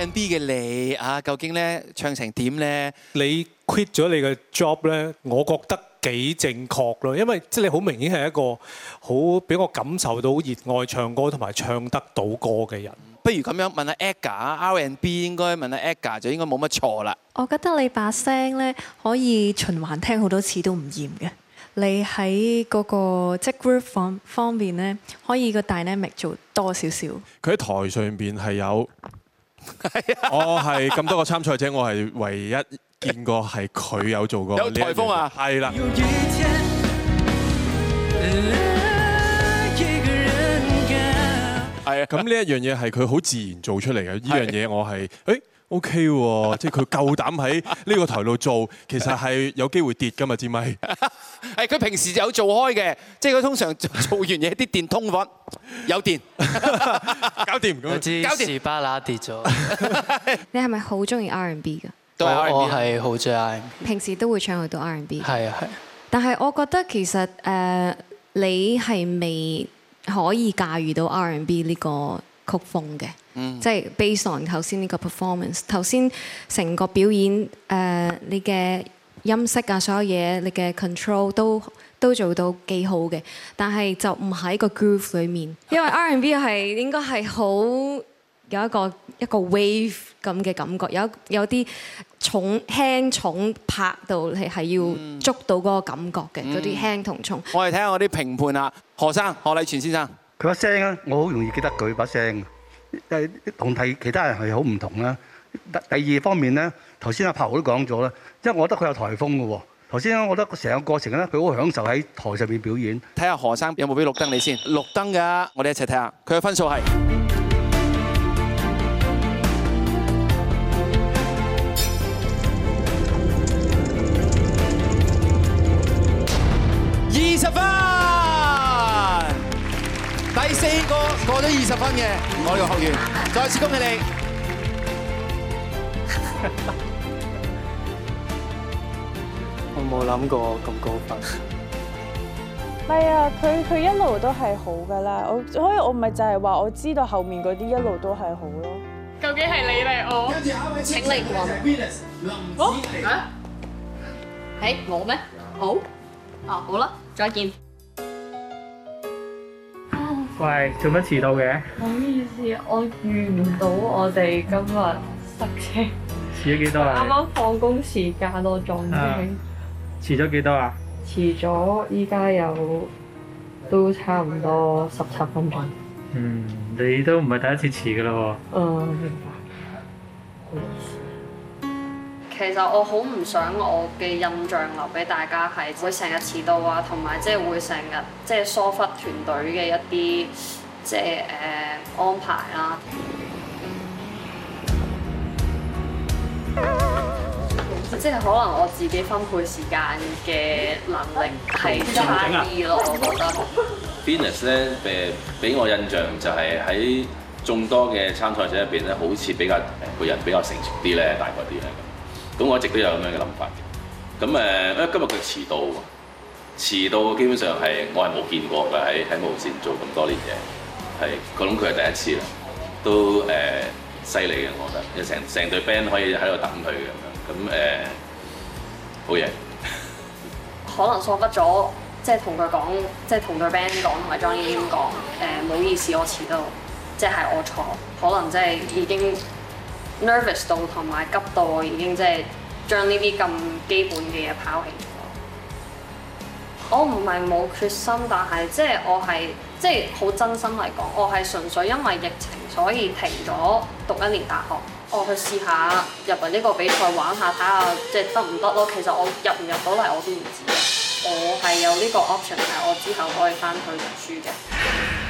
[SPEAKER 1] R&B 嘅你啊，究竟咧唱成點咧？你 quit 咗你嘅 job 咧，我覺得幾正確咯，因為即係你好明顯係一個好俾我感受到熱愛唱歌同埋唱得到歌嘅人。不如咁樣問下 AGA 啊，R&B 應該問下 AGA 就應該冇乜錯啦。
[SPEAKER 15] 我覺得你把聲咧可以循環聽好多次都唔厭嘅。你喺嗰個即係 group 方方面咧，可以個 dynamic 做多少少。
[SPEAKER 9] 佢喺台上邊係有。我係咁多個參賽者，我係唯一見過係佢有做過有台風啊係啦。
[SPEAKER 7] 係啊，
[SPEAKER 9] 咁呢一樣嘢係佢好自然做出嚟嘅。呢樣嘢我係誒。欸 OK 喎，即係佢夠膽喺呢個台度做，其實係有機會跌噶嘛，知咪？
[SPEAKER 3] 係佢平時有做開嘅，即係佢通常做完嘢啲電通穩，有電搞，搞掂咁。R、我知。時不那跌咗。
[SPEAKER 10] 你係咪好中意 R&B 噶？
[SPEAKER 3] 都係 R&B。我係好中意 R&B，
[SPEAKER 10] 平時都會唱好到 R&B。係啊係。但係我覺得其實誒，你係未可以駕馭到 R&B 呢個曲風嘅。即係 base on 頭先呢個 performance。頭先成個表演誒，你嘅音色啊，所有嘢，你嘅 control 都都做到幾好嘅，但係就唔喺個 groove 裏面。因為 R&B 係應該係好有一個一個 wave 咁嘅感覺有，有有啲重輕重拍到你係要捉到嗰個感覺嘅，嗰啲輕同重。
[SPEAKER 3] 我哋睇下我啲評判啊，何生何禮全先生，佢把聲啊，我好容易記得佢把聲。係同第其他人係好唔同啦。第二方面咧，頭先阿柏豪都講咗啦，即係我覺得佢有台風嘅喎。頭先我覺得成個過程咧，佢好享受喺台上面表演。睇下何生有冇俾綠燈你先？綠燈㗎，我哋一齊睇下佢嘅分數係。十分嘅，
[SPEAKER 1] 我呢個學員，再次恭喜你。我冇諗過
[SPEAKER 20] 咁高分。係啊，佢佢一路都係好噶啦，我所以我咪就係話我知道後面嗰啲一路都係好咯。究
[SPEAKER 18] 竟係你嚟？我請你
[SPEAKER 20] 講。
[SPEAKER 18] 好啊，係我咩？好啊，好啦，再見。
[SPEAKER 16] 喂，做乜遲到嘅？
[SPEAKER 18] 唔好意思，我遇唔到我哋今日塞車。
[SPEAKER 16] 遲咗幾多啊？啱啱
[SPEAKER 18] 放工時間咯，我撞車。
[SPEAKER 16] 遲咗幾多啊？
[SPEAKER 18] 遲咗依家有都差唔多十七分鐘。
[SPEAKER 16] 嗯，你都唔係第一次遲㗎喇喎。嗯。
[SPEAKER 18] 其實我好唔想我嘅印象留俾大家係會成日遲到啊，同埋即係會成日即係疏忽團隊嘅一啲即係誒安排啊。即係可能我自己分配時間嘅能力係差啲咯，我覺得。
[SPEAKER 21] Venus 咧誒，俾我印象就係喺眾多嘅參賽者入邊咧，好似比較個人比較成熟啲咧，大概啲咧。咁我一直都有咁樣嘅諗法嘅。咁誒，因為今日佢遲到，遲到基本上係我係冇見過嘅。喺喺無線做咁多年嘢，係我諗佢係第一次啦。都誒，犀利嘅，我覺得。有成成隊 band 可以喺度等佢嘅。咁誒，好嘢。
[SPEAKER 18] 可能喪得咗，即係同佢講，即係同佢 band 講，同埋莊英英講。誒，唔好意思，我遲到，即係係我錯。可能即係已經。Nervous 到同埋急到，我已經即係將呢啲咁基本嘅嘢拋棄咗。我唔係冇決心，但係即係我係即係好真心嚟講，我係純粹因為疫情所以停咗讀一年大學。我去試下入嚟呢個比賽玩一下，睇下即係得唔得咯。其實我入唔入到嚟我都唔知啊。我係有呢個 option，係我之後可以翻去讀書嘅。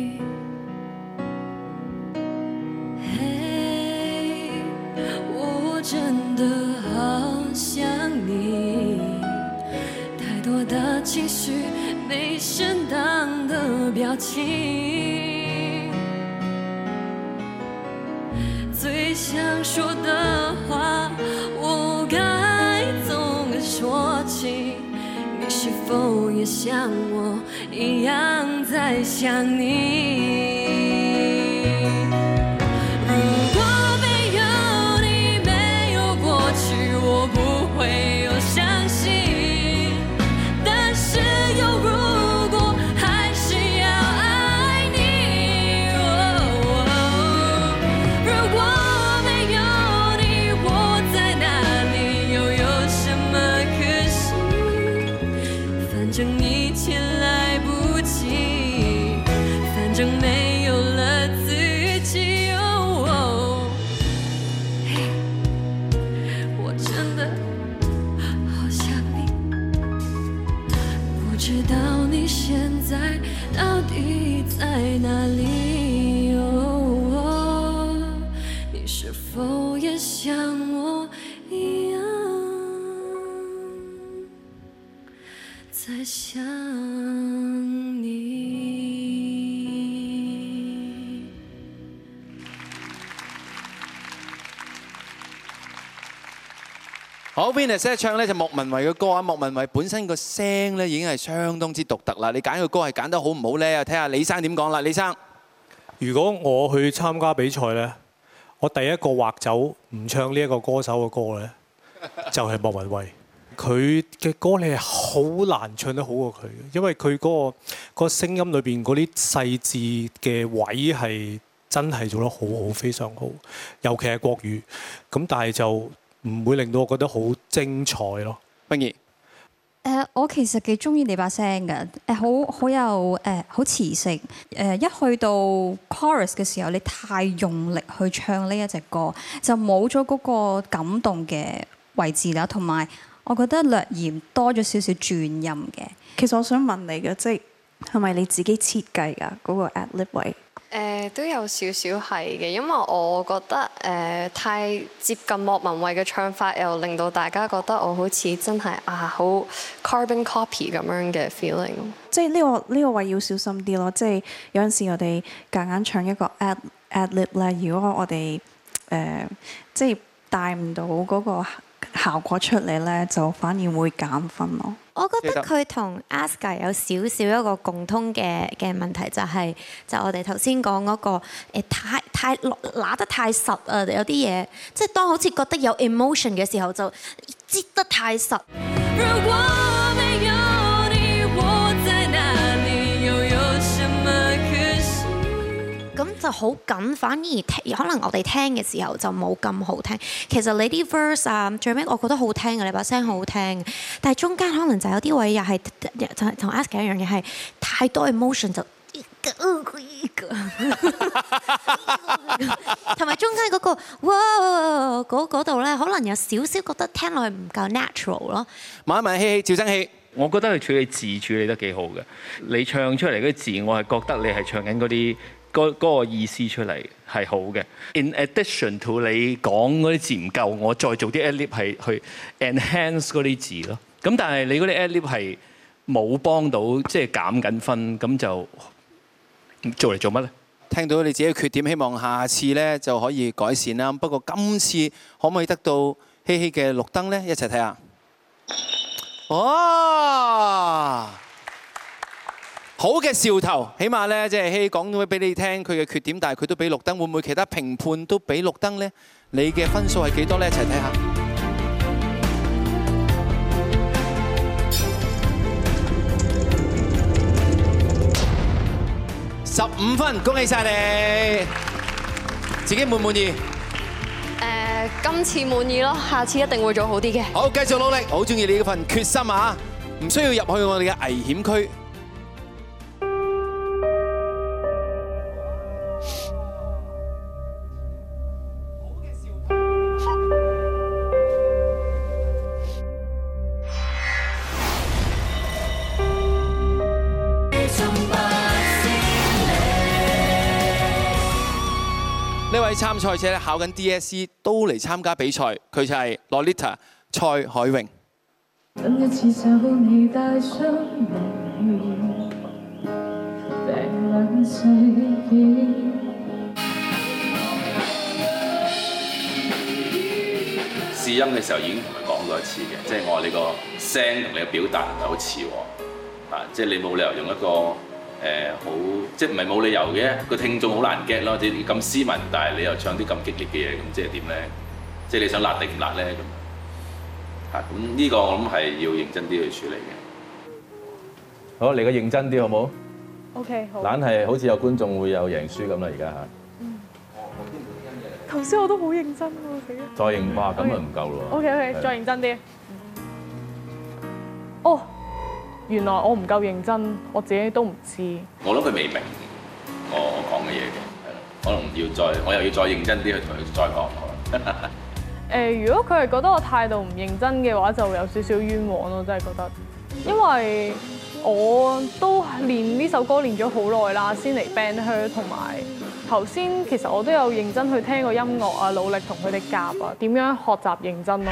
[SPEAKER 22] 想你。
[SPEAKER 3] 邊係識唱咧？就莫文蔚嘅歌啊！莫文蔚本身個聲咧已經係相當之獨特啦。你揀個歌係揀得好唔好咧？睇下李生點講啦。李
[SPEAKER 1] 生，如果我去參加比賽咧，我第一個劃走唔唱呢一個歌手嘅歌咧，就係莫文蔚。佢嘅歌你係好難唱得好過佢，因為佢嗰個個聲音裏邊嗰啲細緻嘅位係真係做得好好，非常好。尤其係國語咁，但係就唔會令到我覺得好。精彩咯，冰
[SPEAKER 13] 兒。我其實幾中意你把聲嘅，誒，好好有誒，好磁性。誒，一去到 chorus 嘅時候，你太用力去唱呢一隻歌，就冇咗嗰個感動嘅位置啦。同埋，我覺得略嫌多咗少少轉音嘅。其實我想問你嘅，即係咪你自己設計噶嗰、那個 ad-lib
[SPEAKER 15] 位？
[SPEAKER 18] 都有少少係嘅，因為我覺得誒太接近莫文蔚嘅唱法，又令到大家覺得我好似真係啊好 carbon copy 咁樣嘅 feeling。
[SPEAKER 15] 即係呢個呢個位要小心啲咯。即係有陣時我哋夾硬唱一個 ad ad lib 咧，如果我哋誒即係帶唔到嗰個效果出嚟咧，就反而會減分咯。
[SPEAKER 14] 我覺得佢同 Aska 有少少一個共通嘅嘅問題，就係就我哋頭先講嗰個誒太太拿得太實啊，有啲嘢即係當好似覺得有 emotion 嘅時候就擠得太實。就好緊，反而可能我哋聽嘅時候就冇咁好聽。其實你啲 verse 啊，最尾我覺得好聽嘅，你把聲好好聽。但係中間可能就有啲位又係同 ask 一樣嘢，係太多 emotion 就同埋中間嗰、嗰個嗰度咧，可能有少少覺得聽落去唔夠 natural 咯。
[SPEAKER 16] 問一問熹熹趙增熹，我覺得佢處理字處理得幾好嘅，你唱出嚟嗰啲字，我係覺得你係唱緊嗰啲。個嗰個意思出嚟係好嘅。In addition to 你講嗰啲字唔夠，我再做啲 addition 係去 enhance 嗰啲字咯。咁但係你嗰啲 addition 係冇幫到，即係減緊分，咁就做嚟
[SPEAKER 3] 做乜咧？聽到你自己嘅缺點，希望下次咧就可以改善啦。不過今次可唔可以得到希希嘅綠燈咧？一齊睇下。
[SPEAKER 5] 哦。
[SPEAKER 3] 好嘅兆頭，起碼咧即係講到俾你聽佢嘅缺點，但係佢都俾綠燈，會唔會其他評判都俾綠燈咧？你嘅分數係幾多咧？一齊睇下。十五分，恭喜晒你！自己滿唔滿意？
[SPEAKER 18] 誒，今次滿意咯，下次一定會做好啲嘅。
[SPEAKER 3] 好，繼續努力，好中意你嗰份決心啊！唔需要入去我哋嘅危險區。呢位參賽者考緊 DSE 都嚟參加比賽，佢就係 Lolita 蔡愷穎。
[SPEAKER 19] 試音嘅時候
[SPEAKER 21] 已經同佢講過一次嘅，即係我話你個聲同你嘅表達唔係好似，啊，即係你冇理由用一個。誒好，即係唔係冇理由嘅，個聽眾好難 get 咯。你咁斯文，但係你又唱啲咁激烈嘅嘢，咁即係點咧？即係你想辣定唔辣咧？咁嚇咁呢個我諗係要認真啲去處理嘅。好嚟個認真啲好唔好？OK，好。難係好似有觀眾會有贏輸咁啦，而家嚇。嗯，
[SPEAKER 8] 我我先認真嘅。頭先我
[SPEAKER 21] 都好認真喎，死啦！再認吧，咁咪唔夠咯。OK OK，再
[SPEAKER 8] 認真啲。哦。原來我唔夠認真，我自己都唔知。
[SPEAKER 21] 我諗佢未明我講嘅嘢嘅，可能要再，我又要再認真啲去同佢再講。
[SPEAKER 8] 誒，如果佢係覺得我態度唔認真嘅話，就有少少冤枉咯，真係覺得。因為我都練呢首歌練咗好耐啦，先嚟 band here 同埋頭先，其實我都有認真去聽個音樂啊，努力同佢哋夾啊，點樣學習認真咯。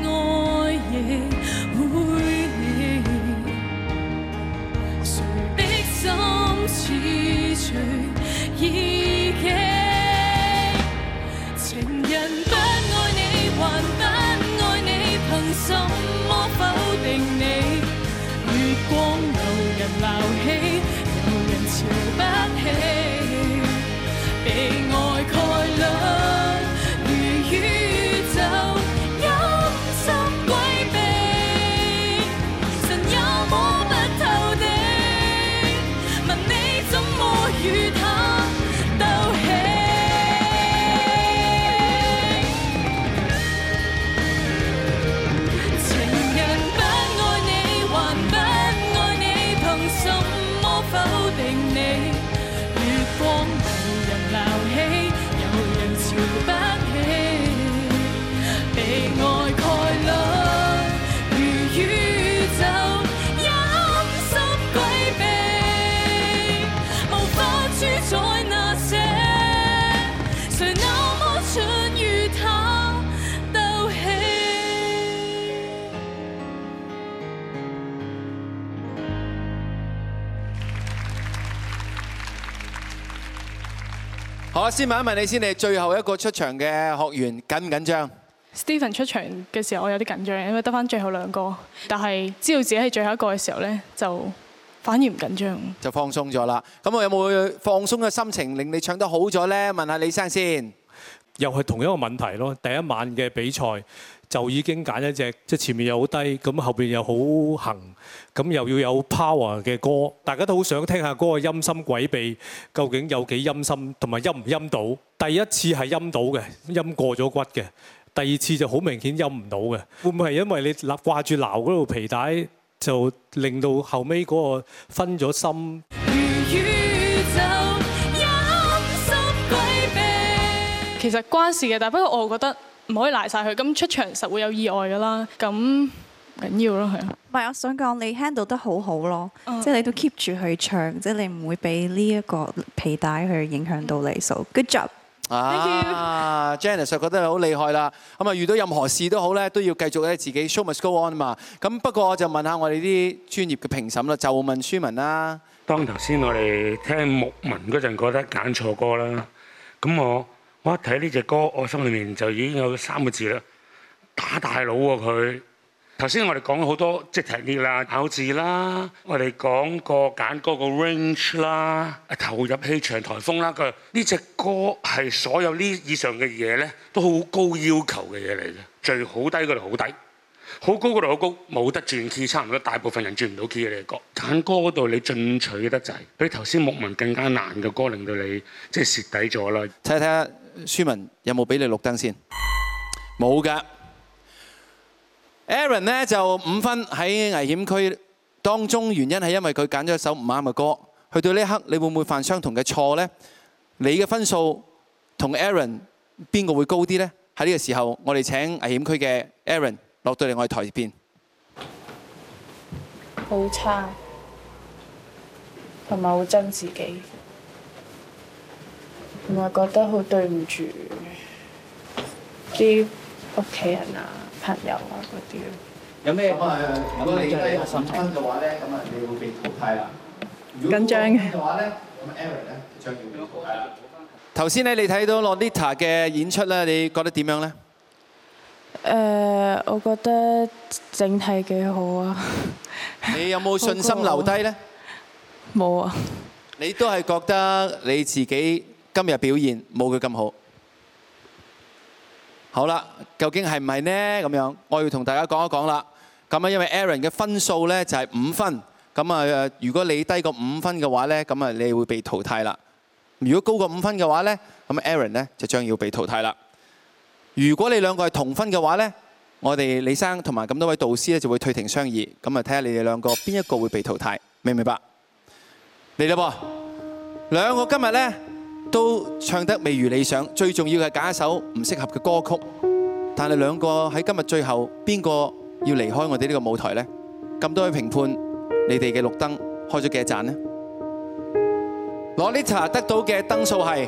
[SPEAKER 19] 追憶，已經情人不愛你還不愛你，憑什麼否定你？月光有人撈起，有人瞧不起，被愛概率。
[SPEAKER 3] 先問一問你先，你最後一個出場嘅學員緊唔緊張
[SPEAKER 8] ？Stephen 出場嘅時候，我有啲緊張，因為得翻最後兩個，但係知道自己係最後一個嘅時候咧，就反而唔緊張，
[SPEAKER 3] 就放鬆咗啦。咁我有冇放鬆嘅心情令你唱得好咗咧？問下你聲先，
[SPEAKER 1] 又係同一個問題咯。第一晚嘅比賽。就已經揀一隻，即係前面又好低，咁後邊又好行，咁又要有 power 嘅歌，大家都好想聽下嗰個陰心鬼秘究竟有幾陰心，同埋陰唔陰到？第一次係陰到嘅，陰過咗骨嘅；第二次就好明顯陰唔到嘅。會唔會係因為你掛住鬧嗰度皮帶，就令到後尾嗰個分咗心？
[SPEAKER 22] 如宇宙，陰心鬼秘。
[SPEAKER 1] 其
[SPEAKER 8] 實關事嘅，但係不過我覺得。唔可以賴晒佢，咁出場實會有意外㗎啦，咁
[SPEAKER 15] 緊要咯，係啊。唔係，我想講你 handle 得好好咯，即係、嗯、你都 keep 住去唱，即係你唔會俾呢一個皮帶去影響到你 So, Good job！啊
[SPEAKER 3] ，Janice，我覺得你好厲害啦。咁啊，遇到任何事都好咧，都要繼續咧自己 show must go on 啊
[SPEAKER 2] 嘛。咁不過我就問下我哋啲專業嘅評審啦，就問舒文啦。當頭先我哋聽牧文嗰陣，覺得揀錯歌啦。咁我。我一睇呢隻歌，我心裏面就已經有三個字啦，打大佬啊！佢。頭先我哋講咗好多即提捏啦、咬字啦，我哋講過揀歌個 range 啦、投入氣場、颱風啦，佢呢隻歌係所有呢以上嘅嘢咧，都好高要求嘅嘢嚟嘅，最好低嗰度好低。好高嗰度好高，冇得轉 key，差唔多大部分人轉唔到 key 嘅。嚟歌。揀歌嗰度你進取得滯，比頭先木文更加難嘅歌，令到你即係蝕底咗啦。睇下睇下，舒文
[SPEAKER 3] 有冇俾你綠燈先？冇㗎。Aaron 呢，就五分喺危險區當中，原因係因為佢揀咗一首唔啱嘅歌。去到呢刻，你會唔會犯相同嘅錯呢？你嘅分數同 Aaron 邊個會高啲呢？喺呢個時候，我哋請危險區嘅 Aaron。落到嚟我台邊，
[SPEAKER 20] 好差，同埋好憎自己，同埋覺得好對唔住啲屋企人啊、朋友啊嗰啲。有
[SPEAKER 3] 咩？如果你係審分嘅話咧，咁啊，你會被淘汰啦。緊張嘅。嘅話咧，咁 Eric 咧，著住呢個係啦。頭先咧，你睇到 Lolita 嘅演出咧，你覺得點樣咧？
[SPEAKER 20] 誒，uh, 我覺得整體幾好啊！
[SPEAKER 3] 你有冇信心留低
[SPEAKER 20] 呢？冇啊！
[SPEAKER 3] 你都係覺得你自己今日表現冇佢咁好。好啦，究竟係唔係呢？咁樣，我要同大家講一講啦。咁啊，因為 Aaron 嘅分數呢，就係五分。咁啊，如果你低過五分嘅話呢，咁啊你會被淘汰啦。如果高過五分嘅話呢，咁 Aaron 呢，就將要被淘汰啦。如果你兩個係同分嘅話呢，我哋李生同埋咁多位導師就會退庭商議，咁啊睇下你哋兩個邊一個會被淘汰，明唔明白？嚟啦噃，兩個今日呢都唱得未如理想，最重要係揀一首唔適合嘅歌曲。但係兩個喺今日最後邊個要離開我哋呢個舞台呢？咁多位評判，你哋嘅綠燈開咗幾盞呢？Lolita 得到嘅燈數係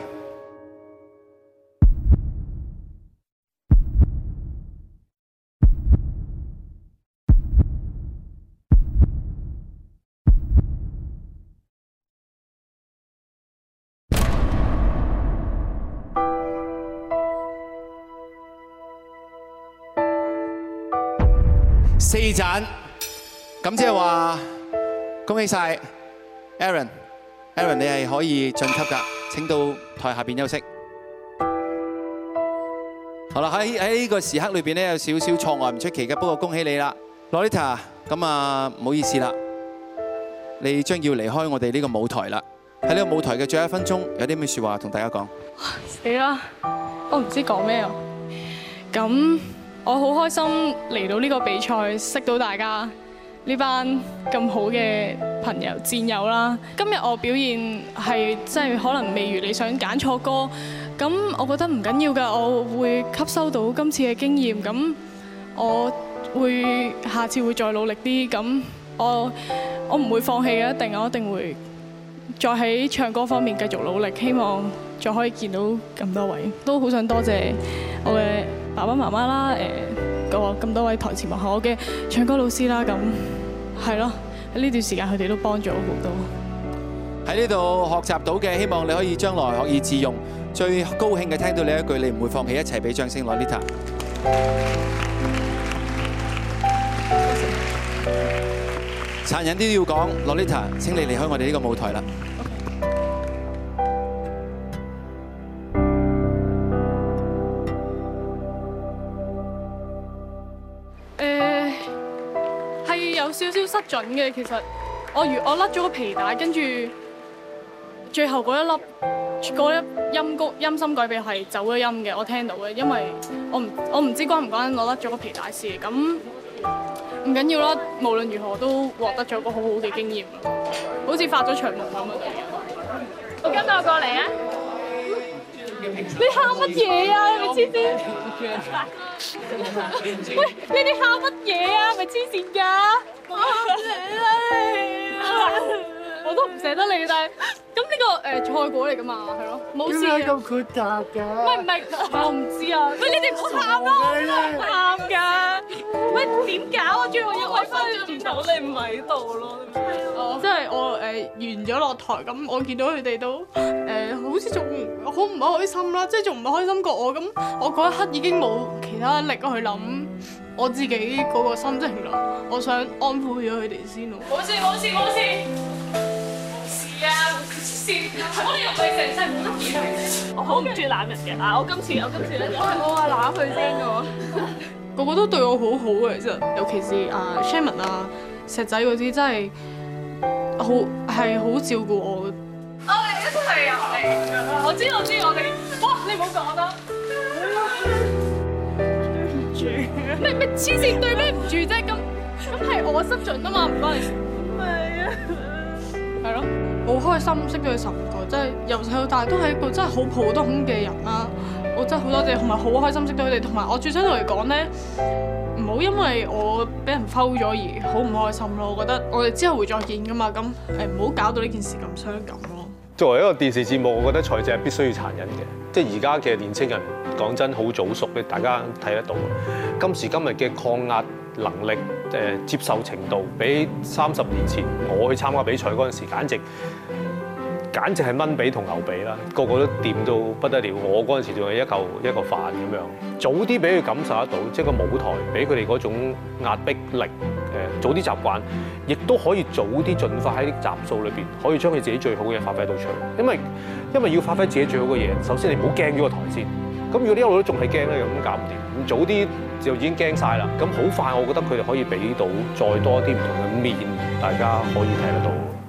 [SPEAKER 3] 四盞，咁即係話恭喜晒 Aaron，Aaron 你係可以晉級噶，請到台下邊休息。好啦，喺喺呢個時刻裏邊呢有少少錯愕唔出奇嘅，不過恭喜你啦，Lolita，咁啊唔好意思啦，你將要離開我哋呢個舞台啦。喺呢個舞台嘅最後一分鐘，有啲咩說話同大家講？
[SPEAKER 8] 死啦？我唔知講咩啊？咁。我好開心嚟到呢個比賽，識到大家呢班咁好嘅朋友戰友啦。今日我表現係真係可能未如你想，揀錯歌，咁我覺得唔緊要噶，我會吸收到今次嘅經驗，咁我會下次會再努力啲，咁我我唔會放棄嘅，一定我一定會再喺唱歌方面繼續努力，希望再可以見到咁多位，都好想多謝我嘅。爸爸媽媽啦，誒個咁多位台前幕後嘅唱歌老師啦，咁係咯，喺呢段時間佢哋都幫咗好多。
[SPEAKER 3] 喺呢度學習到嘅，希望你可以將來學以致用。最高興嘅聽到你一句，你唔會放棄，一齊俾掌聲 Lolita 殘忍啲都要講 Lolita 請你離開我哋呢個舞台啦。
[SPEAKER 8] 準嘅其實，我如我甩咗個皮帶，跟住最後嗰一粒一音谷音心改變係走咗音嘅，我聽到嘅，因為我唔我唔知關唔關我甩咗個皮帶事，咁唔緊要啦，無論如何都獲得咗個好好嘅經驗，好似發咗長夢咁啊咁樣，我跟到我過嚟啊！你喊乜嘢啊？你咪黐線！喂，你哋喊乜嘢啊？咪黐線㗎！係係 我喊你啦！ 我都唔捨得你哋。咁呢、這個誒、欸、菜果嚟噶嘛，係咯，冇事嘅。點解咁闊達㗎？喂，唔係、哎，我唔知啊。喂，你哋唔好喊咯，我喊㗎。喂，點搞啊？我仲要委屈唔到你唔喺度咯？係啊。即係我誒完咗落台，咁我見到佢哋都誒，好似仲好唔開心啦，即係仲唔開心過我。咁我嗰一刻已經冇其他力去諗我自己嗰個心情啦，我想安撫咗佢哋先咯。冇事冇事冇事。
[SPEAKER 11] 黐線，我哋入去成真五人。我好唔鍾意懶人嘅，嗱，我今次我今次啦。我話懶佢先。我
[SPEAKER 8] 個個都對我好好嘅，其實，尤其是啊 Sherman 啊、石仔嗰啲，真係好係好照顧我。我哋一齊入嚟。我知道，我知道，我哋。哇！你唔好講得。對唔住。咩咩黐線？對咩唔住啫？咁咁係我失準啊嘛，唔該你。唔係啊。係咯。好開心識咗佢十個，即係由細到大都係一個真係好普通嘅人啦。我真係好多謝，同埋好開心識到佢哋。同埋我最想同佢講咧，唔好因為我俾人摟咗而好唔開心咯。我覺得我哋之後會再見㗎嘛，咁誒唔好搞到呢件事咁傷感咯。
[SPEAKER 1] 作為一個電視節目，我覺得賽制係必須要殘忍嘅，即係而家嘅年青人講真好早熟嘅，大家睇得到。今時今日嘅抗壓能力誒、呃、接受程度，比三十年前我去參加比賽嗰陣時候簡，簡直簡直係蚊比同牛比啦！個個都掂到不得了，我嗰陣時仲係一嚿一嚿飯咁樣。早啲俾佢感受得到，即係個舞台俾佢哋嗰種壓迫力誒、呃，早啲習慣，亦都可以早啲進化喺啲集數裏邊，可以將佢自己最好嘅嘢發揮到出嚟。因為因為要發揮自己最好嘅嘢，首先你唔好驚咗個台先。咁如果啲一路都仲係驚咧，咁搞唔掂。咁早啲。就已經驚晒啦！咁好快，我覺得佢哋可以俾到再多一啲唔同嘅面，大家可以睇得到。